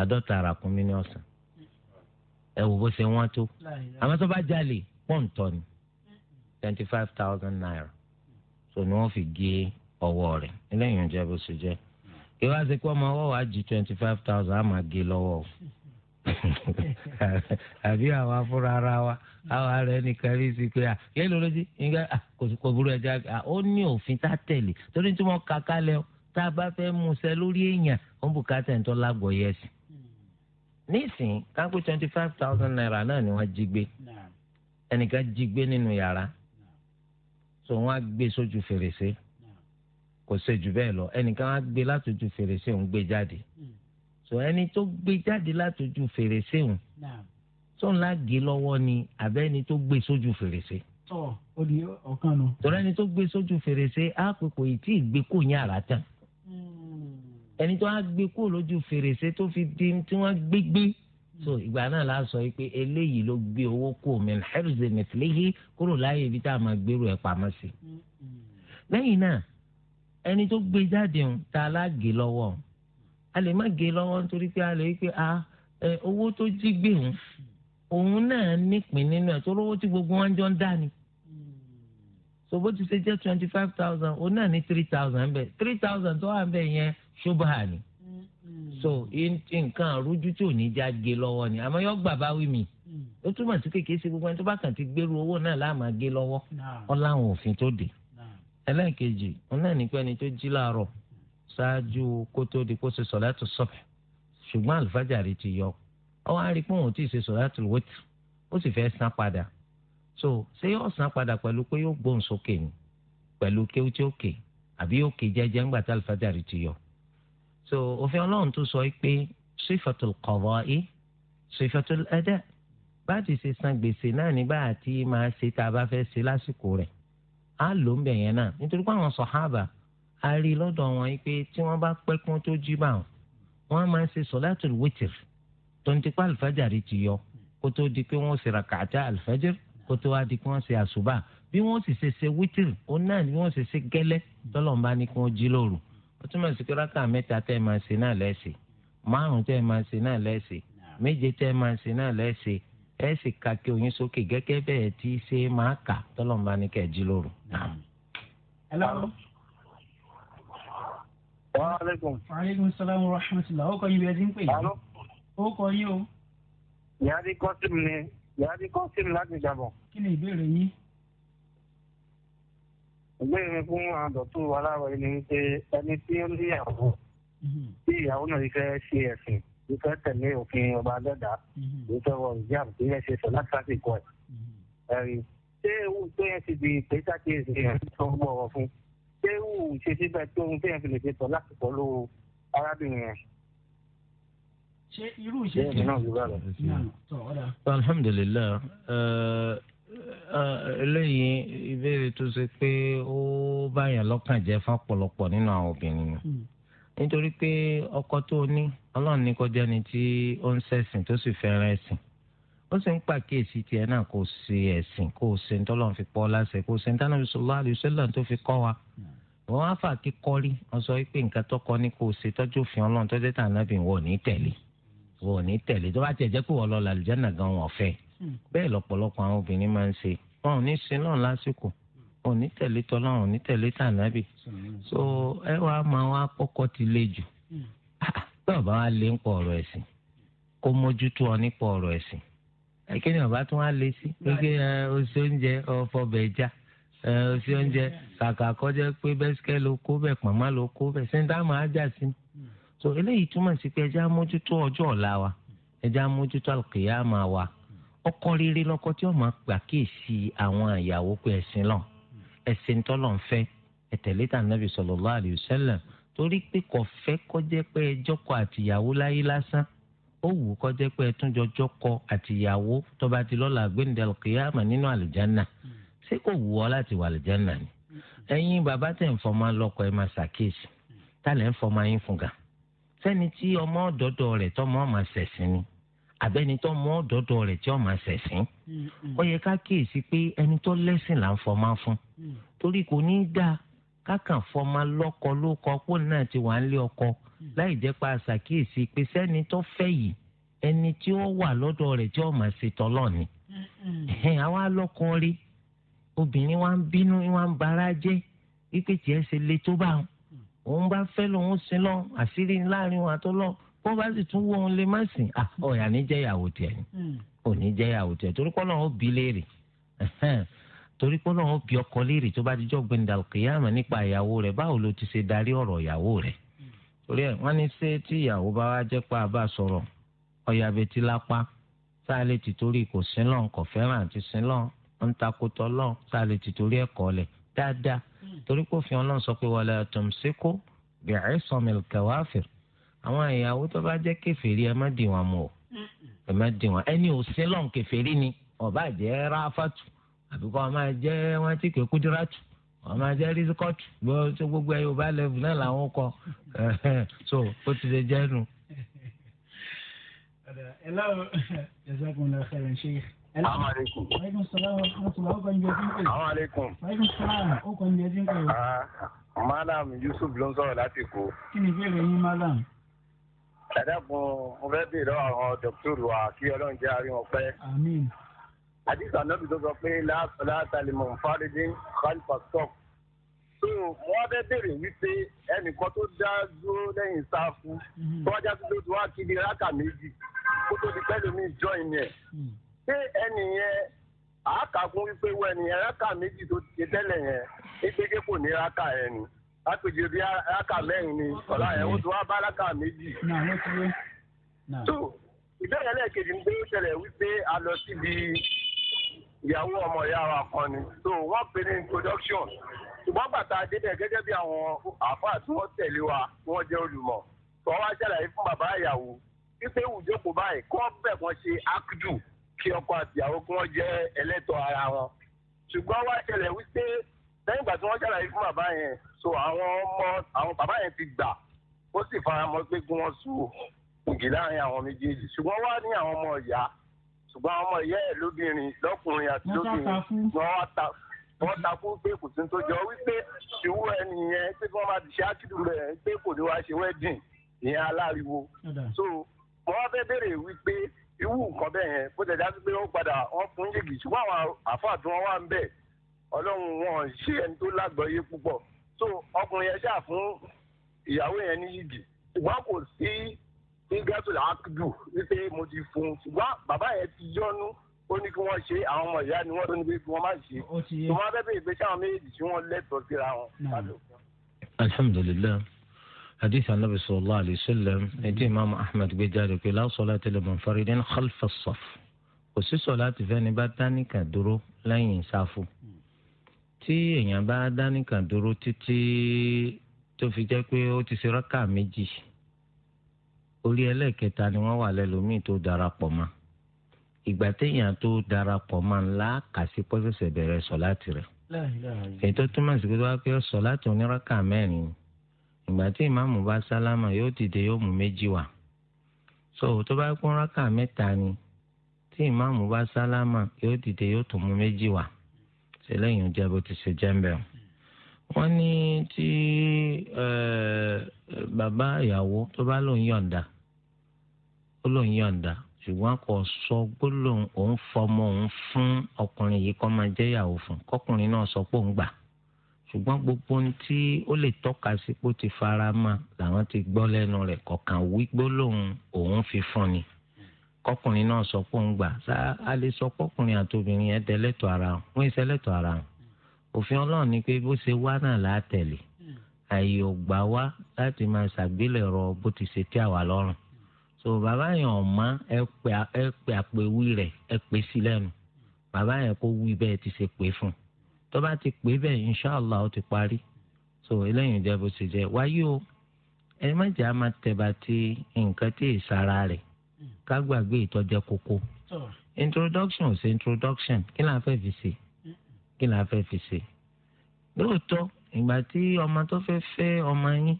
àádọ́ta ràkúnmí ni ọ̀sán ẹ wò bó ṣe wọ́n tó àmọ́ tó bá jalè ni twenty five thousand naira so ni wọ́n fi gé ọwọ́ rẹ̀ eléyìí ń bó kí wá sí ọmọ ọwọ́ wa ju twenty five thousand á máa gé lọ́wọ́ o àbí àwa fúnra ara wa àwa rẹ nìkan rí sí pé yẹ ló lójú nígbà kò burú ẹja ó ní òfin tá tẹ̀lé torí tí wọ́n ka kálẹ̀ o tá a bá fẹ́ musẹ́ lórí èèyàn ó ń bùkátà ń tọ́ lágbọ̀ yẹ sí. nísìnyí kápẹ́ twenty five thousand naira náà ni wọ́n jí gbé ẹnìkan jí gbé nínú yàrá so wọ́n á gbé sójú fèrèsé. So kò ṣe jù bẹ́ẹ̀ lọ ẹnìkan á gbé látòjú fèrèsé òun gbé jáde hmm. so ẹni tó gbé jáde látòjú fèrèsé òun tó ńlá gé lọ́wọ́ ni àbẹ́ ẹni tó gbé sójú fèrèsé. tọ́lá ẹni tó gbé sójú fèrèsé á pè kò ì tí ì gbé kò ní àrà tán hmm. ẹni tó á gbé kó lójú fèrèsé tó fi di tí wọ́n gbé gbé hmm. so ìgbà náà la sọ pé eléyìí ló gbé owó kó min hirzi mithlihi kúrò láàyè ibi tá a máa gbèrú ẹ̀ pamọ́ sí. lẹ́yìn náà ẹni tó gbé jáde ń ta aláàgé lọ́wọ́ a lè má gé lọ́wọ́ nítorí pé a lè rí pé a owó tó jí gbé ń òun náà nípìn nínú ẹ̀ tó lówó tí gbogbo wọn jọ ń dá ni so bó ti ṣe jẹ́ twenty five thousand òun náà ní three thousand bẹ́ẹ̀ three thousand tó wà bẹ́ẹ̀ yẹn ṣubaha ni so nǹkan àrújú tí ò ní já gé lọ́wọ́ ni àmọ́ yọ gbà bá wí mi ó túmọ̀ sí kékeré sí gbogbo ẹni tó bá kàn ti gbèrú owó náà láàmà gé lọ́wọ́ ọ́ láwọn òfin tó dé ẹlẹ́ẹ̀kejì òun náà ní pé ẹni tó jí láàárọ̀ ṣáájú kó tó di kó ṣe sọ̀látù sọ̀bì ṣùgbọ́n àlùfájàrí ti yọ ọ wá rí pé òun ti ṣe sọ̀látù wẹ́tì ó sì fẹ́ san padà so ṣé yóò san padà pẹ̀lú pé yóò gbóhùn sókè ni pẹ̀lú kéwú tí ó kè àbí yóò kè jẹ́jẹ́ ńgbà tí àlùfájàrí ti yọ so òfin ọlọ́run tó sọ pé sifatul qada'i sifatul ada bá ti ṣe san gbèsè náà nígbà tí máa ṣe á lò ń bẹ̀ yẹn náà nítorí pé àwọn sọ̀hábà a rí lọ́dọ̀ wọn yìí pé tí wọ́n bá pẹ́ kún tó jí bá wọn wọ́n máa ń ṣe sọ̀látùl wítìr tó ń ti pa àlùfájàrí ti yọ kó tó di pé wọ́n ṣe ràkàtà àlùfájàr kó tó wá di pé wọ́n ṣe àṣùbà bí wọ́n sì ṣe ṣe wítìr òun náà ni wọ́n ṣe ṣe gẹ́lẹ́ tọ́lọ́mbá ní kí wọ́n jí lóru ó túmọ̀ sí pé rákà mẹ́ta tẹ́ ẹ máa ṣe náà lẹ́sìn márùn tẹ́ ẹ máa ṣe náà lẹ́sìn méje tẹ́ ẹ máa ṣe náà lẹ́sìn ẹ sì ka kí oyin sókè gẹ́gẹ́ bẹ́ẹ̀ tí ṣe máa kà tọ́lọ́mùbá ní kẹ́ ẹ̀ jí lóru. o. yàrá kọ́sìm ni yàrá kọ́sìm láti jàbọ̀. kí ni ìbéèrè yín. ìgbéyìí mi fún àwọn dọ̀tún aláwọ̀ yìí ni pé ẹni tí ó ní ìyàwó mhm. tí ìyàwó náà fẹ́ ṣe ẹ̀sìn ìfẹ́ tẹ̀lé òfin ọba dọ́dà ìfẹ́ mhm. wọ ìjáàm tí yẹn ṣe sọ láti sásìkò ẹ̀ mhm. ẹ̀rí ṣé ewu tó yẹn ti di pé sákèésì yẹn tó ń gbọ́ ọ̀rọ̀ fún ṣé ewu ṣe síbẹ̀ tó ohun tó yẹn fi lè ṣe sọ láti pọ̀ ló arábìnrin yẹn. ṣé irú ìṣe kí ni alhamdulilayi uh, uh, eléyìí ìbéèrè tó ṣe pé ó báyàn lọ́kàn jẹ́ fápọ̀lọpọ̀ nínú àwọn obìnrin yẹn. Hmm nítorí pé ọkọ tó o ní ọlọ́run ní kọjá ni tí ó ń ṣẹ̀sìn tó sì fẹ́ràn ẹ̀sìn ó sì ń pàkíyèsí tiẹ̀ náà kó o ẹ̀sìn kó o ṣe ntọ́lọ́run fi pọ́ láṣẹ kó o ṣe ntánàbí sọlá àdìsọ́lá tó fi kọ́ wa wọ́n á fà kí kọ́rí wọ́n sọ pé nǹkan tọkọ ní kó o ṣe tọ́jú òfin ọlọ́run tó dé tànàbí wọ́n ní tẹ̀lé wọ́n ní tẹ̀lé tó bá tiẹ̀ jẹ́ pé wọ́n lọ onítẹ̀lé tọ́lọ́run onítẹ̀lé tànàbì so ẹ wá máa wá kọ́kọ́ ti lé jù bí ah, ọba wa lé ọ̀rọ̀ ẹ̀sìn kó mójútó ọ nípa ọ̀rọ̀ ẹ̀sìn ọba tún wá lé sí gbégbé oṣù oúnjẹ ọfọbẹ̀ já oṣù oúnjẹ kàkà kọjá pé bẹ́sikẹ́ ló kó bẹ̀ kó bẹ̀ sẹ́ńtà máa so eléyìí túmọ̀ sí pé ẹja mójútó ọjọ́ ọ̀la wa ẹja mójútó wa ọkọ ẹ̀sìn tọ́lọ̀ ń fẹ́ ẹ̀tẹ̀lé tà nàbì sallallahu alayhi wa sallam torí pé kò fẹ́ kọjá pé ẹjọ́kọ àtìyàwó láyé lásán ó wù kọjá pé ẹtúnjọ jọkọ àtìyàwó tó bá ti lọ́la gbẹ̀ndẹ̀l kìyàmà nínú àlùjánà ṣé kò wù ọ́ láti wà àlùjánà ni ẹ̀yin bàbá tẹ̀ ń fọmọ lọ́kọ ẹ̀ máa ṣàkíyèsí tálẹ̀ ń fọmọ yín fún ga sẹ́ni tí ọmọ ọ̀dọ́dọ̀ rẹ̀ tọ́mọ ọmọ ṣẹ̀sìn ni àbẹ́ni tó mọ ọ̀dọ́dọ̀ rẹ̀ tí ó máa ṣẹ̀sìn mm, mm. ó yẹ ká kíyèsí pé ẹni tó lẹ́sìn là ń fọmá fún mm. torí kò ní í dáa kákan fọmá lọ́kọ ló kọ pé náà ti wà ń lé ọkọ láì jẹ́ pa àṣàkíyèsí pé sẹ́ni tó fẹ́ yìí ẹni tí ó wà lọ́dọ̀ rẹ̀ tí ó máa ṣe tọ́lọ̀ ni àwa lọ́kọ rí obìnrin wa ń bínú wa ń bara jẹ́ wípé tiẹ̀ ṣe le tó bá òun bá fẹ́ lòun sin lọ àṣírí láàrin wa tó lọ́ọ́ bó bá sì tún wọ òun lè má sìn ah, hmm. ọ̀yà ní jẹ́ ìyàwó tiẹ̀ ni ò hmm. ní jẹ́ ìyàwó tiẹ̀ torí pé Ọlọ́run ó bi léèrè torí pé Ọlọ́run ó bi ọkọ léèrè tó bá dijọ́ gbẹ̀ndàkìyàmà nípa ìyàwó rẹ̀ báwo ló ti ṣe darí ọ̀rọ̀ ìyàwó rẹ̀ hmm. torí ẹ̀ wọ́n ní ṣé tí ìyàwó bá wá jẹ́ pé a bá sọ̀rọ̀ ọ̀yà abẹ́tí lápá sáà ti torí kò sílọ̀ kò fẹ́ràn àti sílọ̀ ń takotọ lọ́n sáà lè ti torí ẹ̀kọ́ lẹ̀ dáadáa torí kò fi ọlọ́run sọ pé wala tumsiku bi'isamil kawafir àwọn ìyàwó tó bá jẹ́ kèfèrí ẹ má dì wọ́n mú o ẹ má dì wọ́n ẹni ò sí lọ́n kèfèrí ni ọba jẹ́ ráfàtù àbí kọ́ ọmọ jẹ́ wọn ti kẹ́ kúdíràtù ọmọ jẹ́ rísíkọ́tù gbogbo ẹ̀ yorùbá lẹ́bù náà làwọn kọ so ó ti lè jẹ́ nu. hello jazakumullahu khairan sheikh. Àwọn àlékún. Àwọn àlékún. Madam Yusuf ló ń sọ̀rọ̀ láti Èkó. Kí ni ìbéèrè yín, Madam? ẹ̀dẹ́kun mo fẹ́ bèèrè àwọn dọ́kítọ́rù wa kí ọlọ́run jẹ́ àárín wọn pẹ́. àdìsí ànábì tó sọ pé látàlímọ̀ fárídín kálífàtọ́k. tó wọ́n fẹ́ bèèrè wípé ẹnìkan tó dá dúró lẹ́yìn sáfù mm-hmm. tó wájá tó tó wá kiri rákà méjì kó tó di pẹ́lú mi jọ ìyẹn. ṣé ẹnì yẹn àákàkún wípé wọ ẹnì yẹn rákà méjì tó ti tẹ́lẹ̀ yẹn ní pé kò ní rákà yẹn ni lápèjì bí aláka mẹ́rin ni ọ̀la yẹn ó ti wá bá aláka méjì. tó ìbéèrè lẹ́ẹ̀kejì ń gbé ṣẹlẹ̀ wípé a lọ síbi ìyàwó ọmọ ìyá wa kan ni so wọ́n pè ní introduction ṣùgbọ́n bàtà adébẹ̀ gẹ́gẹ́ bí àwọn àáfàá tí wọ́n tẹ̀lé wa tí wọ́n jẹ́ olùmọ̀ tó wá ṣàlàyé fún bàbá ìyàwó wípé ìjókòó báyìí kọ́ bẹ̀ wọ́n ṣe ákùdù kí ọkọ àtìyàwó kí wọ́n jẹ́ ẹlẹ́tọ̀ ara wọn ṣùgbọ́n wá ṣẹlẹ̀ wípé lẹ́yìn ìgbà tí wọ́n ṣàlàyé fún bàbá yẹn so àwọn ọmọ àwọn bàbá yẹn ti gbà ó sì fara mọ́ pé kí wọ́n sùn ògì láàrin àwọn méjèèjì ṣùgbọ́n wá ní àwọn ọmọ ìyá ṣùgbọ́n àwọn ọmọ ìyá ẹ̀ lóbìnrin lọ́kùnrin àti lóbìnrin wọ́n ta wọ́n pé kò sí tó jọ wípé ìwú ẹni yẹn pé kí wọ́n máa ti ṣe ákìlù rẹ̀ pé kò ní wá ṣe wẹ́dìn ìyẹn aláriwo so wọ́n fẹ́ béèrè wípé irú nǹkan bẹ́ẹ̀ yẹn bó tẹ̀ dá sí pé wọ́n padà wọ́n fún yìgì ṣùgbọ́n àwọn àfáà tí wọ́n wà ń bẹ́ẹ̀ ọlọ́run wọn ṣe ẹni tó lágbọ́yé púpọ̀ so ọkùnrin yẹn ṣáà fún ìyàwó yẹn ní yìgì ṣùgbọ́n kò sí gígásù làákùdù wípé mo ti fún ṣùgbọ́n bàbá yẹn ti yọnu ó ní kí wọ́n ṣe àwọn ọmọ ìyá ni wọ́n tó ní pé kí wọ́n má ṣe tó wọ́n bẹ́ẹ̀ bẹ́ẹ̀ sáwọn méjèèjì tí wọ́n lẹ́tọ̀ọ́ síra wọn. alhamdulilayi hadith anabi sallallahu alayhi wa sallam ẹdí imaamu ahmed gbé jáde pé la salata liman faridin khalfa as-saf kò sí sọlá tìfẹ́ ni bá dání kà dúró lẹ́yìn sáfù. Mm tí èèyàn bá dánìkan dúró títí tó fi jẹ́ pé ó ti ṣe rákà méjì orí ẹlẹ́ẹ̀kẹta ni wọ́n wà lẹ́lòmíì tó darapọ̀ mọ́ ìgbà téèyàn tó darapọ̀ mọ́ ńlá kàsí pọ́sẹ̀sẹ̀ bẹ̀rẹ̀ sọ̀láàtì rẹ̀ èyí tó túmọ̀ sí pé wá pé sọ̀láàtì onírákà mẹ́rin ìgbà tí ìmáàmù bá sálámà yóò dìde yóò mú méjì wá so tó bá kún rákà mẹ́ta ni tí ìmáàmù bá sálámà yóò dìde yóò tún mú méjì wá eléyìí ń jẹ́ bó ti ṣe jẹ́ ń bẹ̀rù wọ́n ní tí bàbá ìyàwó tó bá lòun yọ̀ǹda ó lòun yọ̀ǹda ṣùgbọ́n kò sọ gbólóhùn òun fọmọ òun fún ọkùnrin yìí kó máa jẹ́ ìyàwó fún kọkùnrin náà sọ pé òun gbà ṣùgbọ́n gbogbo ohun tí ó lè tọ́ka sí pé ó ti fara mọ́ làwọn ti gbọ́ lẹ́nu rẹ̀ kọ̀ọ̀kan wí gbólóhùn òun fi fún ni kọkùnrin náà sọ pé òun gbà sá a lè sọ kọkùnrin àti obìnrin yẹn tẹlẹtọ ara hàn wọn ìṣe lẹtọ ara hàn òfin Ọlọ́run ni pé bó ṣe wá náà là á àyè ò gbà wá láti máa ṣàgbélẹ̀rọ bó ti ṣe tí àwa lọ́rùn so bàbá yẹn ọmọ ẹ pè àpèwí rẹ ẹ pè sí lẹ́nu bàbá yẹn kó wí bẹ́ẹ̀ ti ṣe pè fún tó bá ti pè bẹ́ẹ̀ inṣàlá ó ti parí so eléyìí jẹ́ bó ṣe jẹ́ wáyé o ẹ má jẹ́ a máa bá ti nǹkan tí ì sára rẹ̀ ká gbàgbé ìtọ́jẹ́ kókó introduction ṣe introduction kí la fẹ́ fi ṣe kí la fẹ́ fi ṣe lóòótọ́ ìgbà tí ọmọ tó fẹ́ fẹ́ ọmọ yín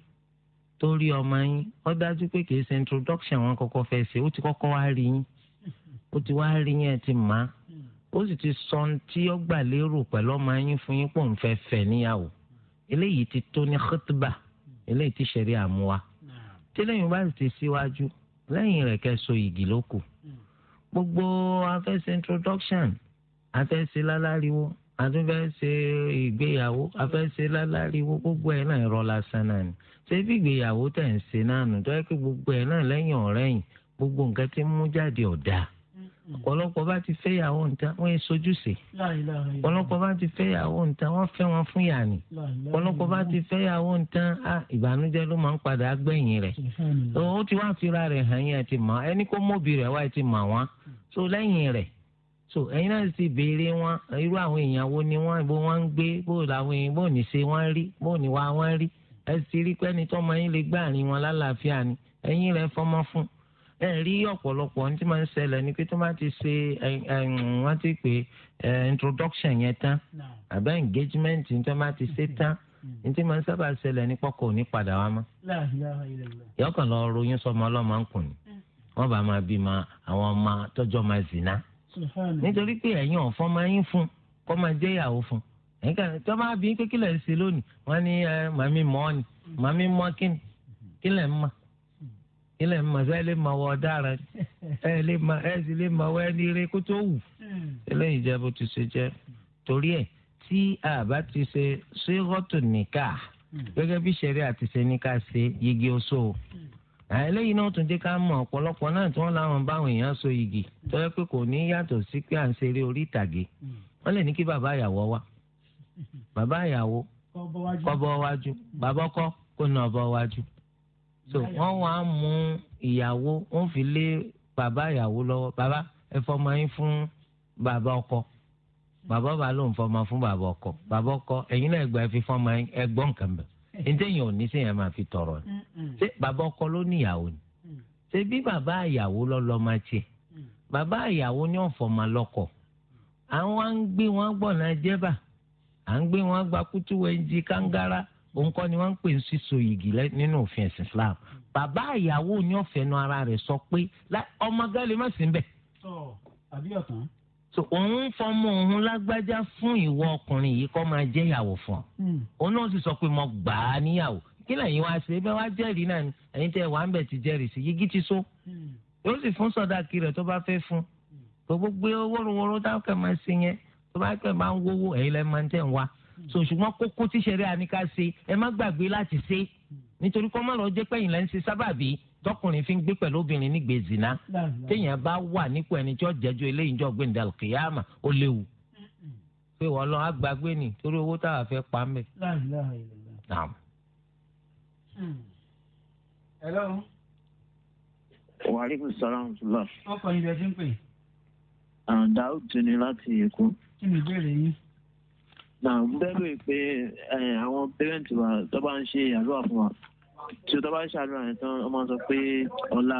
tó rí ọmọ yín ó dájú pé kì í ṣe introduction wọn kọ́kọ́ fẹ́ ṣe ó ti kọ́kọ́ wá rí yín ó ti wá rí yín ẹ ti mà á mm. ó sì ti sọ ohun tí ó gbà lérò pẹ̀lú ọmọ yín fún yín pò ń fẹ́ fẹ́ níyàwó eléyìí ti tó ní khutba mm. eléyìí ti ṣẹ̀rí àmúwa tí lẹ́yìn bá sì ti síwájú lẹ́yìn rẹ̀ kẹ́ so igi ló kù gbogbo afẹ́sẹ̀ introduction afẹ́sẹ̀ lálàríwó àtúnfẹ́sẹ̀ ìgbéyàwó afẹ́sẹ̀ lálàríwó gbogbo ẹ̀ náà rọ lásán náà ni ṣé bí ìgbéyàwó tẹ̀ ń ṣe náà nù tó yẹ kí gbogbo ẹ̀ náà lẹ́yìn ọ̀rẹ́yìn gbogbo nǹkan tí mú jáde ọ̀dà. Hmm. ọ̀pọ̀lọpọ̀ bá ti fẹ́ yàwó níta wọ́n yẹn sojú sí ọ̀pọ̀lọpọ̀ bá ti fẹ́ yàwó níta wọ́n fẹ́ wọn fún yà ni ọ̀pọ̀lọpọ̀ bá ti fẹ́ yàwó níta ìbànújẹ́ ló máa ń padà gbẹ̀yìn rẹ̀ ó ti wá fira rẹ̀ hàn yín àti mà ẹni kó mọ̀bi rẹ̀ wá ti mà wọ́n so lẹ́yìn rẹ̀ so ẹ̀yin náà sì béèrè wọn irú àwọn èèyàn wo ni wọ́n bó wọ́n ń gbé bó làwọn èèyàn bó ní ṣe wọ́n rí bó ní wá wọ́n rí ẹ sì rí pẹ́ni tọ́mọ yín lè gbàrin wọn lálàáfíà ni ẹ̀yin rẹ̀ fọmọ fún ẹ rí ọ̀pọ̀lọpọ̀ ní tí máa ń ṣẹlẹ̀ ni pé tó máa ti ṣe wọ́n ti pè introduction yẹn tán àbẹ́ engagement ní tó máa ti ṣe tán mm. ní tí máa ń sábà ṣẹlẹ̀ ní pọ́kọ̀ ò ní padà wá mọ́. yọkàn lọ ròyìn sọmọ ọlọ́mọ ń kùn ní mm. wọ́n bá máa bí ma àwọn ọmọ tọ́jọ́ máa zìnà. nítorí pé ẹ̀yin ọ̀fọ́n máa ń fún kọ́ máa jẹ́ ìyàwó fún nǹkan tó máa bí kékeré ṣe lónìí wọ́n ní màmí mọ́ ni mm. màmí mọ́ kíni kílẹ̀ ń ilẹ̀ mọ̀sá ẹ lè mọ ọwọ́ ọ̀daràn ẹ lè mọ ẹ sì lè mọ ọwọ́ ẹni rẹ kó tó wù eléyìí jẹ́ bó ti ṣe jẹ́ torí ẹ̀ tí a bá ti ṣe ṣé rọ́tò nìkà gẹ́gẹ́ bí ṣẹ̀rí àti ṣe ní ṣe yigi oṣó eléyìí náà tún jẹ́ ká mọ̀ ọ̀pọ̀lọpọ̀ náà tí wọ́n láwọn báwọn èèyàn so yigi tó yẹ pé kò ní yàtọ̀ sí pé à ń ṣeré orí ìtàgé wọ́n lè ní kí bàbá ìyàwó wá bàbá ìyàwó kọ́ bọ́ wájú bàbá ọkọ kó nà bọ́ wájú so wọ́n wá mú ìyàwó wọ́n fi lé bàbá ìyàwó lọ́wọ́ bàbá ẹ fọmọ yín fún bàbá ọkọ bàbá bá lóun fọmọ fún bàbá ọkọ bàbá ọkọ ẹ̀yin náà ẹgbẹ́ fi fọmọ yín ẹgbọ́n nǹkan bẹ̀ ntẹ̀yìn ò ní sẹ́yìn máa fi tọrọ ni ṣé bàbá ọkọ ló ní ìyàwó ni mm. ṣé bí bàbá ìyàwó lọ́lọ́ máa tiẹ̀ mm. bàbá ìyàwó ni ọ̀fọ̀mà lọ́kọ̀ àwọn à ń gbé wọn gbọ̀nà jẹ́bà à ń gbé wọn gba kútú kángára òun kọ́ ni wọ́n ń pè ní sísọ yìgì nínú òfin ẹ̀sìn Islam bàbá ìyàwó ni ó fẹnu ara rẹ̀ sọ pé ọmọ gan má sí bẹ̀. so òun fọmọ òun lágbájá fún ìwọ ọkùnrin yìí kó máa jẹ́ ìyàwó fún ọ hmm. òun náà sì sọ pé mo gbà á níyàwó kí lẹ́yìn wá ṣe bẹ́ẹ̀ wá jẹ́rìí náà ni ẹ̀yin tẹ́ wàá ń bẹ̀ ti jẹ́rìí sí yìgì ti so hmm. yóò sì fún sọ̀dà kiri rẹ̀ tó bá fẹ́ fún hmm. gbogbo gbé wórówóró dákẹ́ máa ṣe yẹn tó bá kẹ́ máa ń wówó ẹ̀yin lẹ́ máa ń tẹ̀ wá so ṣùgbọ́n kókó tí sẹ́rí àníká ṣe ẹ má gbàgbé láti ṣe nítorí kọ́ má lọ jẹ́ pẹ́yìn lẹ́yìn ṣe sábàbí tọkùnrin fi ń gbé pẹ̀lú obìnrin nígbè zina téèyàn bá wà nípò ẹni tí ó jẹ́jọ́ eléyìí jọ gbé ndàlù kìyàmà ó léwu pé wọ́n lọ agbágbé ni torí owó táwa fẹ́ pa mẹ́. hello. wàhálà sàlámù tùlá. ọkọ̀ ìbẹ̀ ti ń pè. Ah, Daud ni láti Èkó. kí ni ìbéèrè yín na bẹ́ẹ̀ lè pé àwọn pẹ́rẹ́ǹtì wa tó bá ń ṣe àdúrà fún wa tí o tó bá ń ṣàdúrà yẹn tán ọmọ sọ pé ọlá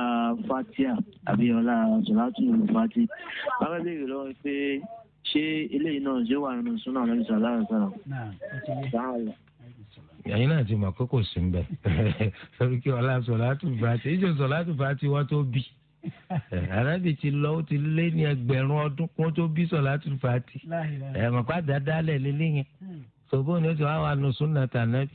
fatia àbí ọlá sọlátù fati bàbá béèrè lọ́wọ́ pé ṣé eléyìí náà ṣé wà nínú súnà lọ́dún sọ aláàrẹ sọ̀rọ̀. ẹ̀yin náà ti mọ̀ pé kò sí ń bẹ̀ torí kí ọlá sọlátù fati ìjọ sọlátù fati wọ́n tó bì arábì ti lọ ó ti lé ní ẹgbẹ̀rún ọdún kó tó bí sọ̀látùl fàtì ẹ̀mọ̀ pàdé dálẹ̀ lélẹ̀ yẹn hmm. sọ̀bọ́n ni ó ti wá wà nù súnà tànàbì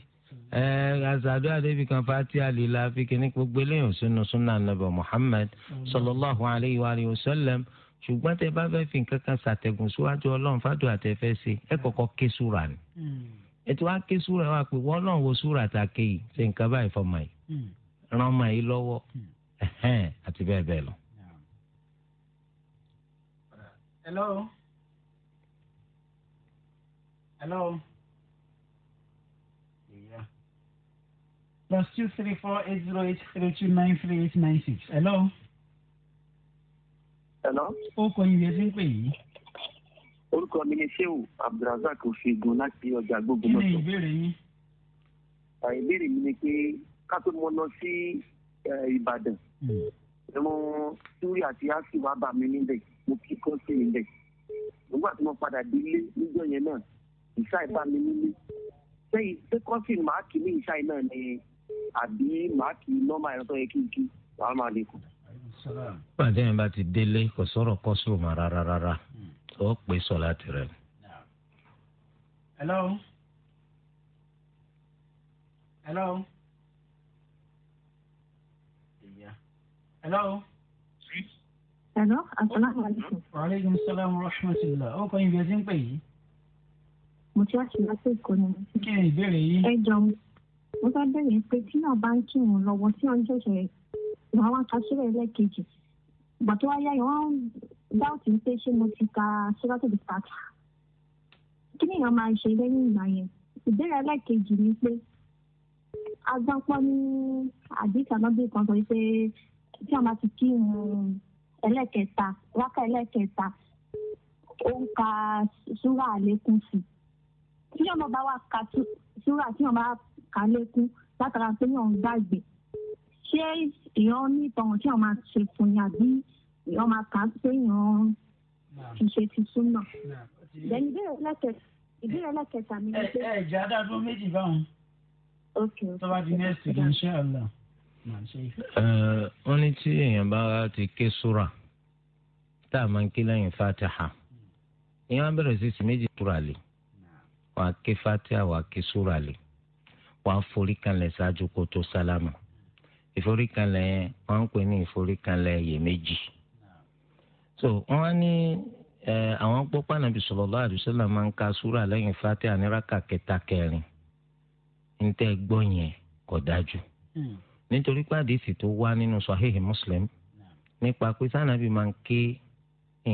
azadu adebi kan fati alila fi kini gbogbo eléyìí sínú súnà nàbà Muhammad hmm. sallallahu alayhi wa alihi wa sallam ṣùgbọ́n tẹ bá fẹ́ fi nǹkan kan ṣàtẹ̀gùn síwájú ọlọ́run fàdùn àtẹ̀fẹ́ ṣe ẹ hmm. kọ́kọ́ ké sura ni ètò wa ké súra wa pé wọ́n náà wo súra ta ké yìí ṣe nǹkan báyìí fọmọ yìí ràn ọmọ yìí lọ́wọ́ ẹ̀hẹ́n àti bẹ́ẹ̀ bẹ́ẹ̀ lọ. hello hello yeah. plus two three four eight zero eight three two nine three eight nine six hello. hello. ó kọ ìwé tí ń pè yìí. orúkọ mi ni sheu abdulrasaq oṣogun láti ọjà gbogbo mọ́tò. kí ni ìbéèrè yín. ìbéèrè mi ni pé ká tó mọ lọ sí eh, ìbàdàn Hmm. ẹ̀wọ̀n sórí àti áṣì wàá bà mí níbẹ̀ mo kí kọ́sì níbẹ̀ nígbà tí mo padà délé níjọ́ yẹn náà ìṣáì bá mi nílé sẹ́yìn pé kọ́sì màá kì ní ìṣáì náà ni àbí màá kì í nọ́mà ẹ̀rọ tó yẹ kí n kí wàá máa lè kù. pàdé yẹn bá ti délé kò sọ̀rọ̀ kọ́sì ò mà rárá rárá ó pè sọ láti rẹ̀. hello hello. hello. hello asalaamualeykum. waaleykum salaam wa rahmatulah ó kọ́ ibi ẹ ti ń pè yìí. mo ti wá sí láti èkó ni. kí ni ìbéèrè yìí. ẹ jọ mo fẹ́ bẹ̀rẹ̀ pé tí náà bá ń kírun lọ́wọ́ tí wọ́n ń jẹ̀jẹ̀ ìwà wa ka sílẹ̀ lẹ́ẹ̀kejì ìgbà tó wáyá yẹn wọ́n dáùtì pé ṣé mo ti ka sílọ́tò bí pàtà kí nìyẹn máa ṣe lẹ́yìn ìgbà yẹn ìbéèrè lẹ́ẹ̀kejì ni pé agbápọ́ ní àdìsá kan sọ tí a máa ti kí irun ẹlẹ́kẹta wákà ẹlẹ́kẹta ó ń ka súrà lékún sí tí yọ̀ọ́ bá wà ka súrà tí yọ̀ọ́ bá kà lékún látara pé yọ̀ọ́ ń gbàgbé ṣé èèyàn ní ìtọ̀hún tí yọ̀ọ́ máa ṣe fún yàn bí yọ̀ọ́ máa kà pé yọ̀ọ́ fi ṣe ti súnà lẹ́yìn ìbéèrè ẹlẹ́kẹta mi ni pé. ẹ ẹ jẹ́ adájọ́ méjì báwọn. tó bá di next week inshallah. Eh, wọ́n ní tí èèyàn bá ti ké súra tá a máa ń ké lẹ́yìn fatiha èèyàn á bẹ̀rẹ̀ sí sí méjì súra lè wàá ké fatiha wàá ké súra lè wàá forí ṣáájú kó tó sálámà ìforíkanlẹ̀ wọ́n ń pè ní ìforíkanlẹ̀ iyèméjì so wọ́n ní eh, àwọn gbọ́pá nàbì sallallahu alaihi wasallam máa ń ka súra lẹ́yìn fatiha ní rákà kẹta kẹrin ní tẹ́ gbọ́ yẹn kò dájú. Hmm nítorí pé àdìsí tó wá nínú sahihi muslim nípa pé sànàbí máa ń ké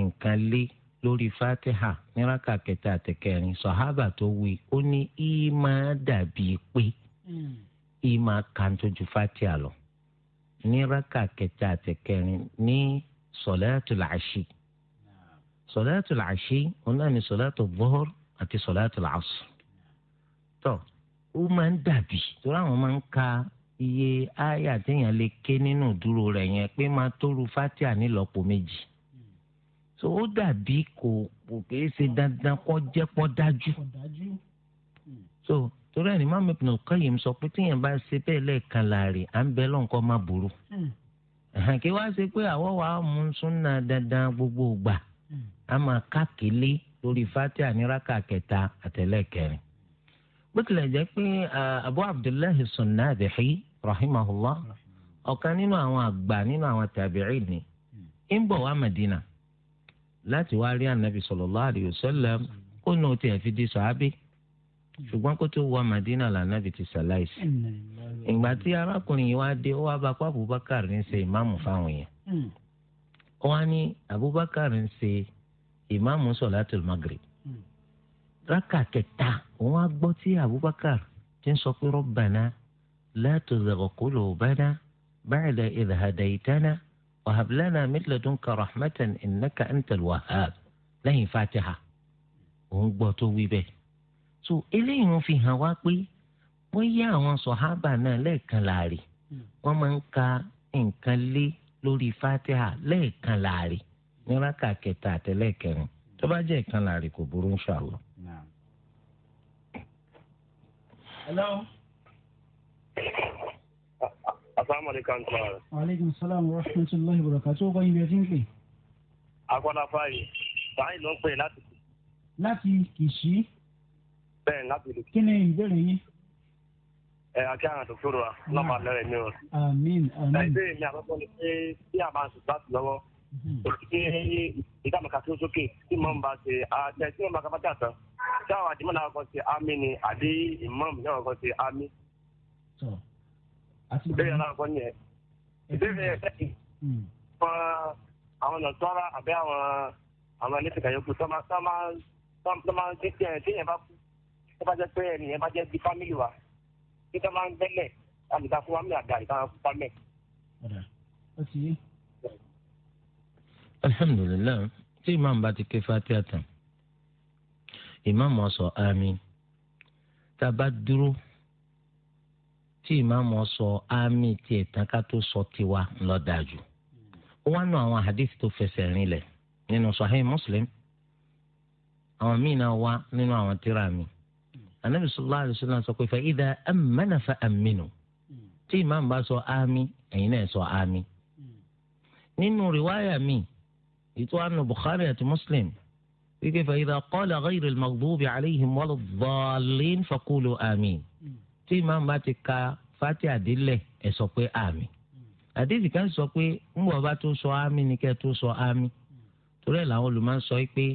nǹkan lé lórí fatiha níraka kẹta àtẹkẹrin sahaba tó wí ó ní í máa dàbí pé í máa kan tó ju fatiha lọ níraka kẹta àtẹkẹrin ní sọlẹ́tùl àṣì sọlẹ́tùl àṣì òun náà ní sọlẹ́tù bọ́ọ̀r àti sọlẹ́tùl àṣì tó ó máa ń dàbí tó láwọn máa ń ka iye àyà téèyàn lè ké nínú dúró rẹ̀ yẹn pé máa tóru fatia nílọ́po méjì so ó dàbí kò kò kìí ṣe dandan kó jẹ́ pọ́ dájú hmm. so torí ẹni máa mi pìnà kọ́ yìí sọ pé téèyàn bá ṣe bẹ́ẹ̀ lẹ́ẹ̀kan láàrin à ń bẹ lọ́nkọ́ má burú hmm. kí wá ṣe pé àwọ̀ wa mú súnà dandan gbogbo gbà hmm. a máa káàkiri lórí fatia ní kẹta àtẹlẹ́kẹrin bó tilẹ̀ jẹ́ pé Abu Abdullahi Sunnabihi rahimahullah ọ̀kan nínú àwọn àgbà nínú àwọn tàbíìn ni ń bọ̀ wá Madina láti wá rí ànábì sallallahu alayhi wa sallam kó nù tiẹ̀ fi di sàábì ṣùgbọ́n kó tó wá Madina lànàbì ti sàláìsì ìgbà tí arákùnrin yìí wá dé ó wá bá pa Abubakar ń ṣe ìmáàmù fáwọn yẹn hmm. ó wá ní Abubakar ń ṣe ìmáàmù sọ̀látùl Maghrib hmm. rákà kẹta òun á gbọ́ tí Abubakar ti ń sọ pé Rabbana. لا تزغ قلوبنا بعد إذ هديتنا وهب لنا من لدنك رحمة إنك أنت الوهاب lẹ́yìn fatiha òun gbọ́ tó wí bẹ́ẹ̀ so eléyìí ń fi hàn wá pé wọ́n yá àwọn sọ̀hábà náà lẹ́ẹ̀kan láàrin wọ́n máa ń ka nǹkan lé lórí fatiha lẹ́ẹ̀kan láàrin ní rákà kẹta àtẹlẹ́kẹrin tó bá jẹ́ ìkan láàrin kò burú inshallah. hello. asalaamualeykum salaam. aleykum salaam wa rahmatulahi wa barakatuh ó kọ́ ibi ẹtí ń pè. agbada fáyì fáyì ló ń pè láti. láti kìsì. bẹ́ẹ̀ láti lè. kí ni ìbéèrè yín. ẹ o. ẹ àkọ́kọ́ ni pé bí a máa sùn láti lọ́wọ́ olùdíje ìdáàmú kàkí ó sókè tí ń bá ṣe ń bá kápá tán àwọn àdìmọ́ náà kọ́ ṣe ni àbí ìmọ̀ náà ìbéèrè náà kọ́ nìyẹn ìbéèrè ẹ̀ sẹ́yìn hmm. fún uh, àwọn nọ̀tọ́ra àbí àwọn àwọn ẹlẹ́sìn kàyọ́kù tó máa tó máa tó máa tí téèyàn bá kú tó bá jẹ́ pé ẹnìyẹn bá jẹ́ bí fámìlì wa tí tó máa ń gbẹ́lẹ̀ láti ta fún wàmí àgbà ìta fún pamẹ́. alhamdulilayi tí imaamu bá ti ké fatia tán imaamu sọ àmín tá a bá dúró tí ìmáàmù sọ ámì tiẹ̀ tán ká tó sọ tiwa lọ́dàjù. ó wá nù àwọn hadith tó fẹsẹ̀ rinlẹ̀ nínú sahih muslim àwọn míì náà wá nínú àwọn tíra mi. anabi sallallahu alaihi wasallam sọ pé fa idha amana fa aminu tí ìmáàmù bá sọ ámì ẹ̀yin náà sọ ámì. nínú riwaya mi ètò àánú bukhari àti muslim wípé fa idha qala al-maghdubi alayhim wala ad-dallin faqulu tí ìmáàmù bá ti ka fati àdílẹ̀ ẹ̀ sọ pé àmì àdéhìí kan sọ pé ńgbọ̀n bá tó sọ àmì ni kẹ́ tó sọ àmì torí ẹ̀ làwọn olùmọ̀ sọ pé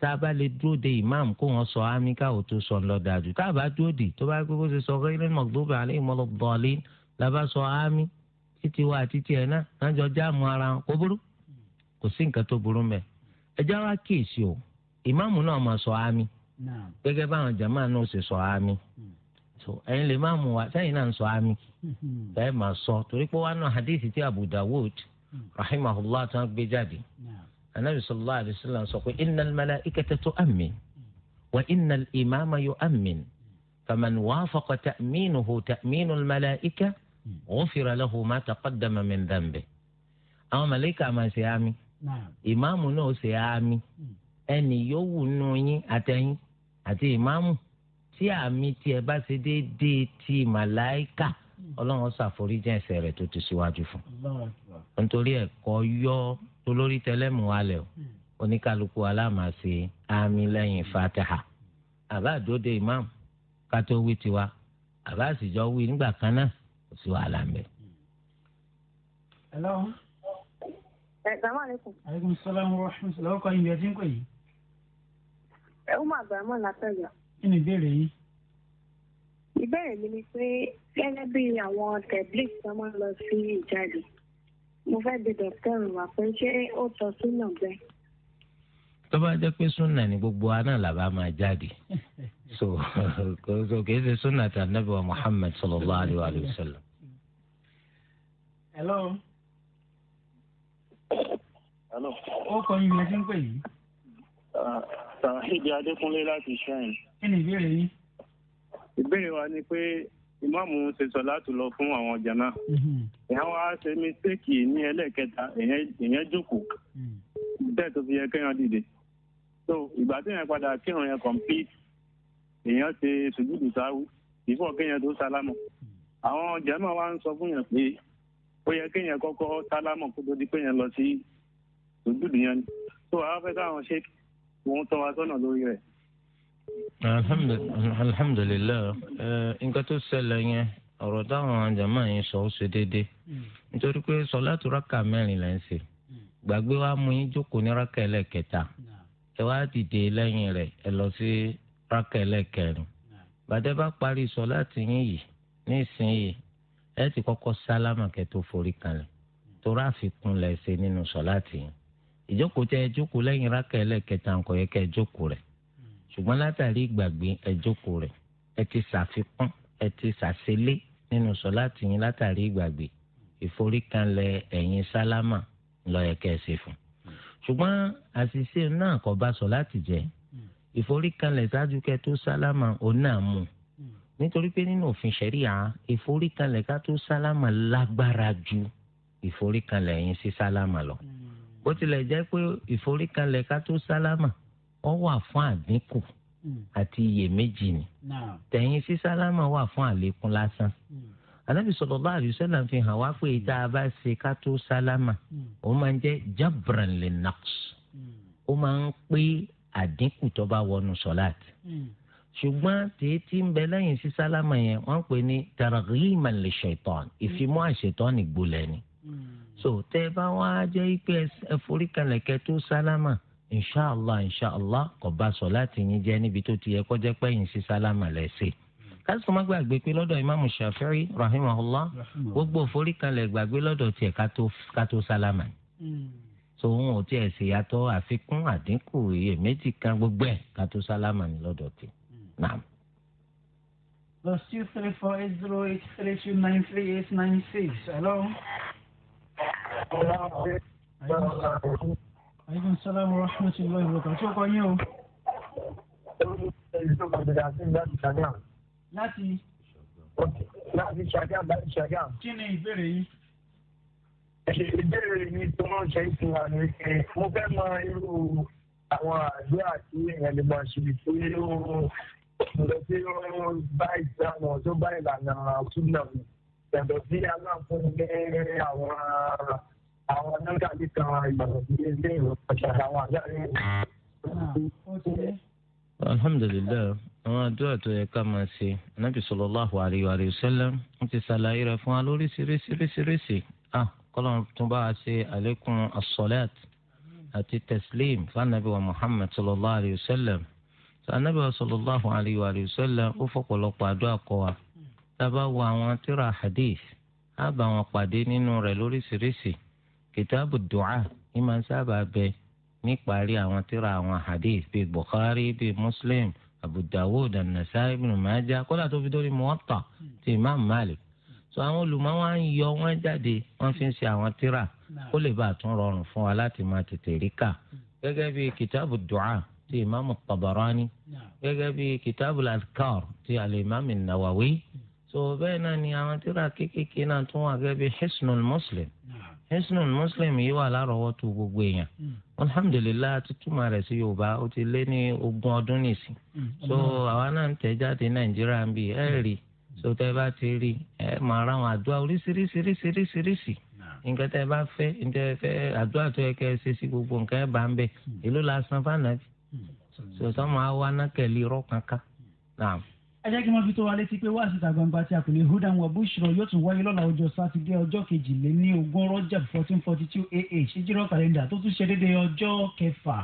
tá a bá lè dúró de ìmáàmù kó wọn sọ àmì káwọ́ tó sọ lọ dájú tá a bá dúró de tó bá gbogbo ṣe sọ gẹ́gẹ́ mọ̀gbọ́n bá lè mọ́ lọ bọ̀ọ́lé la bá sọ àmì títí wa àti tiẹ̀ náà náà jọ jáàmù ara wọn kó burú kò sí nǹkan tó burú mẹ́ ẹ já wa kíyèsí o ìmáàmù náà máa sọ àmì gẹ́gẹ́ báwọn jàmáà náà ṣe sọ àmì so ẹ̀yin lè má mú wa sẹ́yìn náà ń sọ àmì bẹ́ẹ̀ máa sọ torí pé wọn náà hadithi ti Abu Dawud rahimahulah tó ń gbé jáde anabi sallallahu alayhi wa sallam sọ pé iná mẹlẹ ikẹtẹ tó àmì wa iná innal imama yu'min faman wafaqa mẹlẹ ikẹ wọn fira ghufira lahu ma taqaddama mi dhanbi àwọn màláíkà máa ṣe àmì ìmáàmù náà ṣe àmì ẹnì yóò wù nù yín àtẹ̀yìn àti ìmáàmù. tí àmì tiẹ̀ bá ṣe déédéé ti màláìkà ọlọ́run ṣàforíjì ẹ̀ṣẹ̀ rẹ̀ tó ti síwájú fún un nítorí ẹ̀kọ́ yọ tolórí tẹlẹ́mù alẹ̀ o oníkálukú aláàmásí àmì lẹ́yìn fatiha àbá àdóde imam kátó wí tiwa àbá àsìjọ wí nígbà kan náà kò sí wàhálà ń bẹ. hello. assalamu alaikum. aleykum salaam wa rahmatulah ọkọ ìgbẹ́ tí ń pè yìí. ẹ̀ ń mọ àgbà mọ́ látọ̀yọ̀ kí ni ìbéèrè yìí. ìbéèrè mi ni pé gẹ́gẹ́ bí àwọn tẹ̀blík tó máa ń lọ sí ìjáde mo fẹ́ bi dọ́kítọ́rù wá pé ṣé ó tọ́ súnà bẹ́ẹ̀. tó bá jẹ́ pé súnà ni gbogbo aná làbá máa jáde so kò kìí ṣe súnà tí Ànábì wa Muhammad sallallahu alayhi wa sallam. hello. hello. ó kọ́ mi bí mo ti ń pè yìí. Ah, Tàhídì Adékúnlé láti Shrine kí ni ìbéèrè yín. ìbéèrè wa ni pé ìmáàmù ṣe sọ láti lọ fún àwọn jama èèyàn mm-hmm. wá ṣe mistake ní ẹlẹ́ẹ̀kẹta èèyàn jókòó mm-hmm. bẹ́ẹ̀ tó fi yẹ kéèyàn dìde so ìgbà tí èèyàn padà kírun yẹn complete èèyàn ṣe sùjúdù sáwù ìfọ̀ kéèyàn tó sálámù mm-hmm. àwọn jama wa ń sọ fún yàn pé ó yẹ kéèyàn kọ́kọ́ sálámù kó tó di kéèyàn lọ sí sùjúdù yẹn so àwọn fẹ́ káwọn ṣe òun tọ́ wa sọ́nà lórí rẹ̀. alhamdulilayi eh, nǹkan tó ṣẹlẹ̀ yẹn ọ̀rọ̀ táwọn àjàmá yẹn sọ ó ṣe déédéé nítorí pé sọ̀láàtù rákà mẹ́rin lẹ́ ń ṣe gbàgbé wa mú yín jókòó ní rákà ẹlẹ́kẹta ẹ wá dìde lẹ́yìn rẹ̀ ẹ lọ sí rákà ẹlẹ́kẹrin bàtẹ́ bá parí yín yìí ní ìsinyìí ẹ ti kọ́kọ́ sálámà forí torí àfikún ṣe nínú yín ṣùgbọ́n látàrí ìgbàgbé ẹ̀jókòó rẹ̀ ẹ ti ṣàfikún ẹ ti ṣàṣelé nínú sọláàtì yín látàrí ìgbàgbé ìforíkanlẹ̀ ẹ̀yìn sálámà lọ́yẹ kẹ́ẹ̀sì fún. ṣùgbọ́n àṣìṣe náà kò bá sọláàtì jẹ́ ìforíkanlẹ̀ ṣáájú kẹ́ tó sálámà òun náà mú un nítorí pé nínú òfin ṣẹ̀ríà ìforíkanlẹ̀ ká tó sálámà lágbára ju ìforíkanlẹ̀ ẹ̀yìn sí sálámà lọ bó tilẹ̀ jẹ́ pé ìforíkanlẹ̀ ká tó sálámà. Mm ọ wà fún àdínkù hmm. àti iyèméjì ni tẹ̀yìn sí sálámà wà fún àlékún lásán anabi hmm. sallallahu alaihi wasallam fi hàn wá pé ìta bá ṣe ká tó sálámà hmm. ó máa ń jẹ́ jabran le naqs ó máa ń pé àdínkù tó bá wọnú sọláàtì ṣùgbọ́n tètè ń bẹ lẹ́yìn sí sálámà yẹn wọ́n ń pè ní targhiman li shaitan ìfimọ́ àṣetán ìgbolẹ̀ so tẹ́ ẹ bá wá jẹ́ pé ẹ forí tó sálámà inshallah inshallah kò bá sọ láti yín jẹ́ níbi tó ti yẹ kó jẹ́ pé yín sí sálámà lẹ́sẹ̀ kásìkò má gbàgbé pé lọ́dọ̀ ìmáàmù Shafi'i rahimahullah gbogbo foríkanlẹ̀ gbàgbé lọ́dọ̀ tiẹ̀ ká tó sálámà hmm. so òun ò tiẹ̀ ṣe yàtọ̀ àfikún àdínkù iyèméjì kan gbogbo ẹ̀ ká tó sálámà ní lọ́dọ̀ tiẹ̀ hmm. naam. plus two three four eight zero eight three two nine three eight nine six hello. hello. hello. hello. hello. hello. hello aleykum salaam wa rahmatulahi wa barakatuh tí o kọ yín o. láti. láti ṣàgán láti ṣàgán. kí ni ìbéèrè yín. ìbéèrè mi tó máa ń ṣe ìsìn wa ni mo fẹ́ mọ irú àwọn àdúrà tí èèyàn lè máa ṣe tí ó lọ sí ó bá ìdáná tó bá ìlànà túnlọ̀ yàtọ̀ sí aláǹfọ̀n ní àwọn àwọn nọ́ńdà ti kan ìgbàgbọ́ sí ilé ìwé ọ̀sẹ̀ àwọn àjọ rẹ̀. Ah, alhamdulilayi àwọn àdúrà tó yẹ ká máa ṣe anábì sallallahu alaihi wa sallam ń ti ṣàlàyé rẹ̀ fún wa lórí ṣiríṣiríṣiríṣi ah, kọlọ́n tún bá a ṣe àlékún asọ́lẹ́t àti tẹ̀sílẹ́m fanabi wa muhammed sallallahu alayhi wa sallam sanabi wa sallallahu alayhi wa sallam ó fọ̀pọ̀lọpọ̀ àdúrà kọ́ wa tá a bá wo àwọn tíra hadith á pàdé nínú rẹ̀ lóríṣiríṣi kìtàbù dùá ní máa ń sábà bẹ níparí àwọn tíra àwọn hadith bíi bukhari bíi muslim abu dawud anasai ibn majah kódà tó fi dórí muwatta ti imam malik so àwọn olùmọ̀ wa ń yọ wọn jáde wọn fi ń ṣe àwọn tíra kó lè bàa tún rọrùn fún wa láti máa tètè rí kà gẹ́gẹ́ bíi kìtàbù dùá ti imam tabarani gẹ́gẹ́ bíi kìtàbù alkar ti alimami nawawi hmm. so bẹ́ẹ̀ náà ni àwọn tíra kéékèèké náà tún wà gẹ́gẹ́ bíi hisnul muslim hisnul muslim yìí wà lárọ̀ọ́wọ́tò gbogbo èèyàn hmm. alhamdulillah ti túmọ̀ rẹ̀ sí yorùbá ó ti lé ní ogún ọdún nìsín hmm. so àwa náà ń tẹ̀ jáde nàìjíríà ń bì ẹ̀ hmm. rí so tẹ́ bá ti rí ẹ máa ra àwọn àdúrà oríṣiríṣiríṣiríṣiríṣi nǹkan tẹ́ bá fẹ́ nǹkan fẹ́ àdúrà tó yẹ kẹ́ ẹ ṣe sí gbogbo nǹkan ẹ̀ bá ń bẹ̀ èló la san fún ànábì so sọ́mọ́ àwa náà kẹ̀lé irọ́ kankan náà ẹ jẹ́ kí wọ́n fi tó wa létí pé wáàsí ìta gbangba tí a pè ní hudan wa bushro yóò tún wáyé lọ́la ọjọ́ sátidé ọjọ́ kejìléní ogún rọ́jà fourteen forty two ah ìjírọ̀ kàlẹ́ndà tó tún ṣe déédéé ọjọ́ kẹfà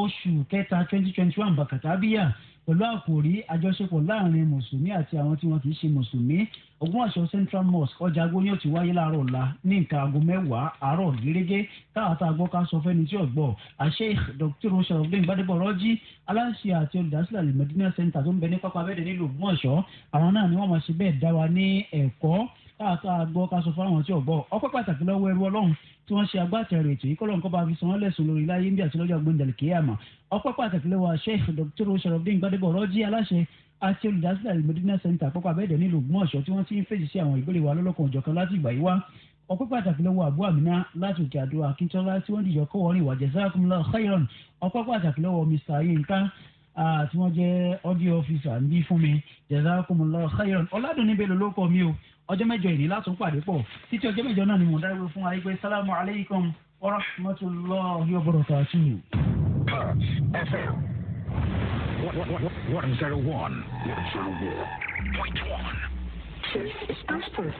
oṣù kẹta twenty twenty one bàkàtà bíyà pẹ̀lú àkòrí àjọṣepọ̀ láàrin mùsùlùmí àti àwọn tí wọn kì ṣe mùsùlùmí Ògbómọ̀ṣọ́ Central Mosque ọjà agbó ni ó ti wáyé láàárọ̀ ọ̀la ní nǹkan aago mẹ́wàá àárọ̀ gẹ́gẹ́ káàtà àgbọ́ ká sọ fẹ́ni tí ọ̀gbọ́ àṣẹ Dr. Sharafdin Gbadebo Rọ́jí aláṣẹ àti olùdásílẹ̀ alimọ̀dínà center tó ń bẹ ní pápá abẹ́dẹ̀ nílùú Ògbómọ̀ṣọ́ àwọn náà ni wọ́n máa ṣe bẹ́ẹ̀ dá wa ní ẹ̀kọ́ káàtà àgbọ́ ká sọ fún àwọn tí ọ̀gbọ́ ọpẹ́ pàtàkì lọ́wọ́ ẹrú Ọlọ́run tí wọ́n ṣe agbátẹrù ètò yìí kọ́lọ́n kọ́ bá fi san wọ́n lẹ́sùn lórí láyé ń bí àti lọ́jọ́ gbẹ̀ndẹ̀lì kéèyàmà ọpẹ́ pàtàkì lọ́wọ́ Sheikh Dr. Sharafdeen Gbadebo Raji aláṣẹ àti olùdásílẹ̀ alimọ̀dínà center àpapọ̀ abẹ́ẹ̀dẹ̀ nílùú Ògbómọ̀ṣọ́ tí wọ́n ti ń fèsì sí àwọn ìbéèrè wa lọ́lọ́kan òjọ̀kan láti ìgbà yìí wá ọpẹ́ pàtàkì lọ́wọ́ àbú àmìnà láti òkè àdó akíntola tí wọ́n dìjọ́ kọ́wọ́ rìn wàjẹ́ jazakumullahu khairan ọpẹ́ pàtàkì lọ́wọ́ Mr. Yinka tí wọ́n jẹ́ audio officer ń fún mi jazakumullahu khairan ọ̀làdùn ọjọ́ mẹ́jọ ìní látún pàdé pọ̀ títí ọjọ́ mẹ́jọ náà ni mo dáwọ́ fún wa pé sálámù aleykum wa rahmatulahi wa barakatuhu. one zero one point one.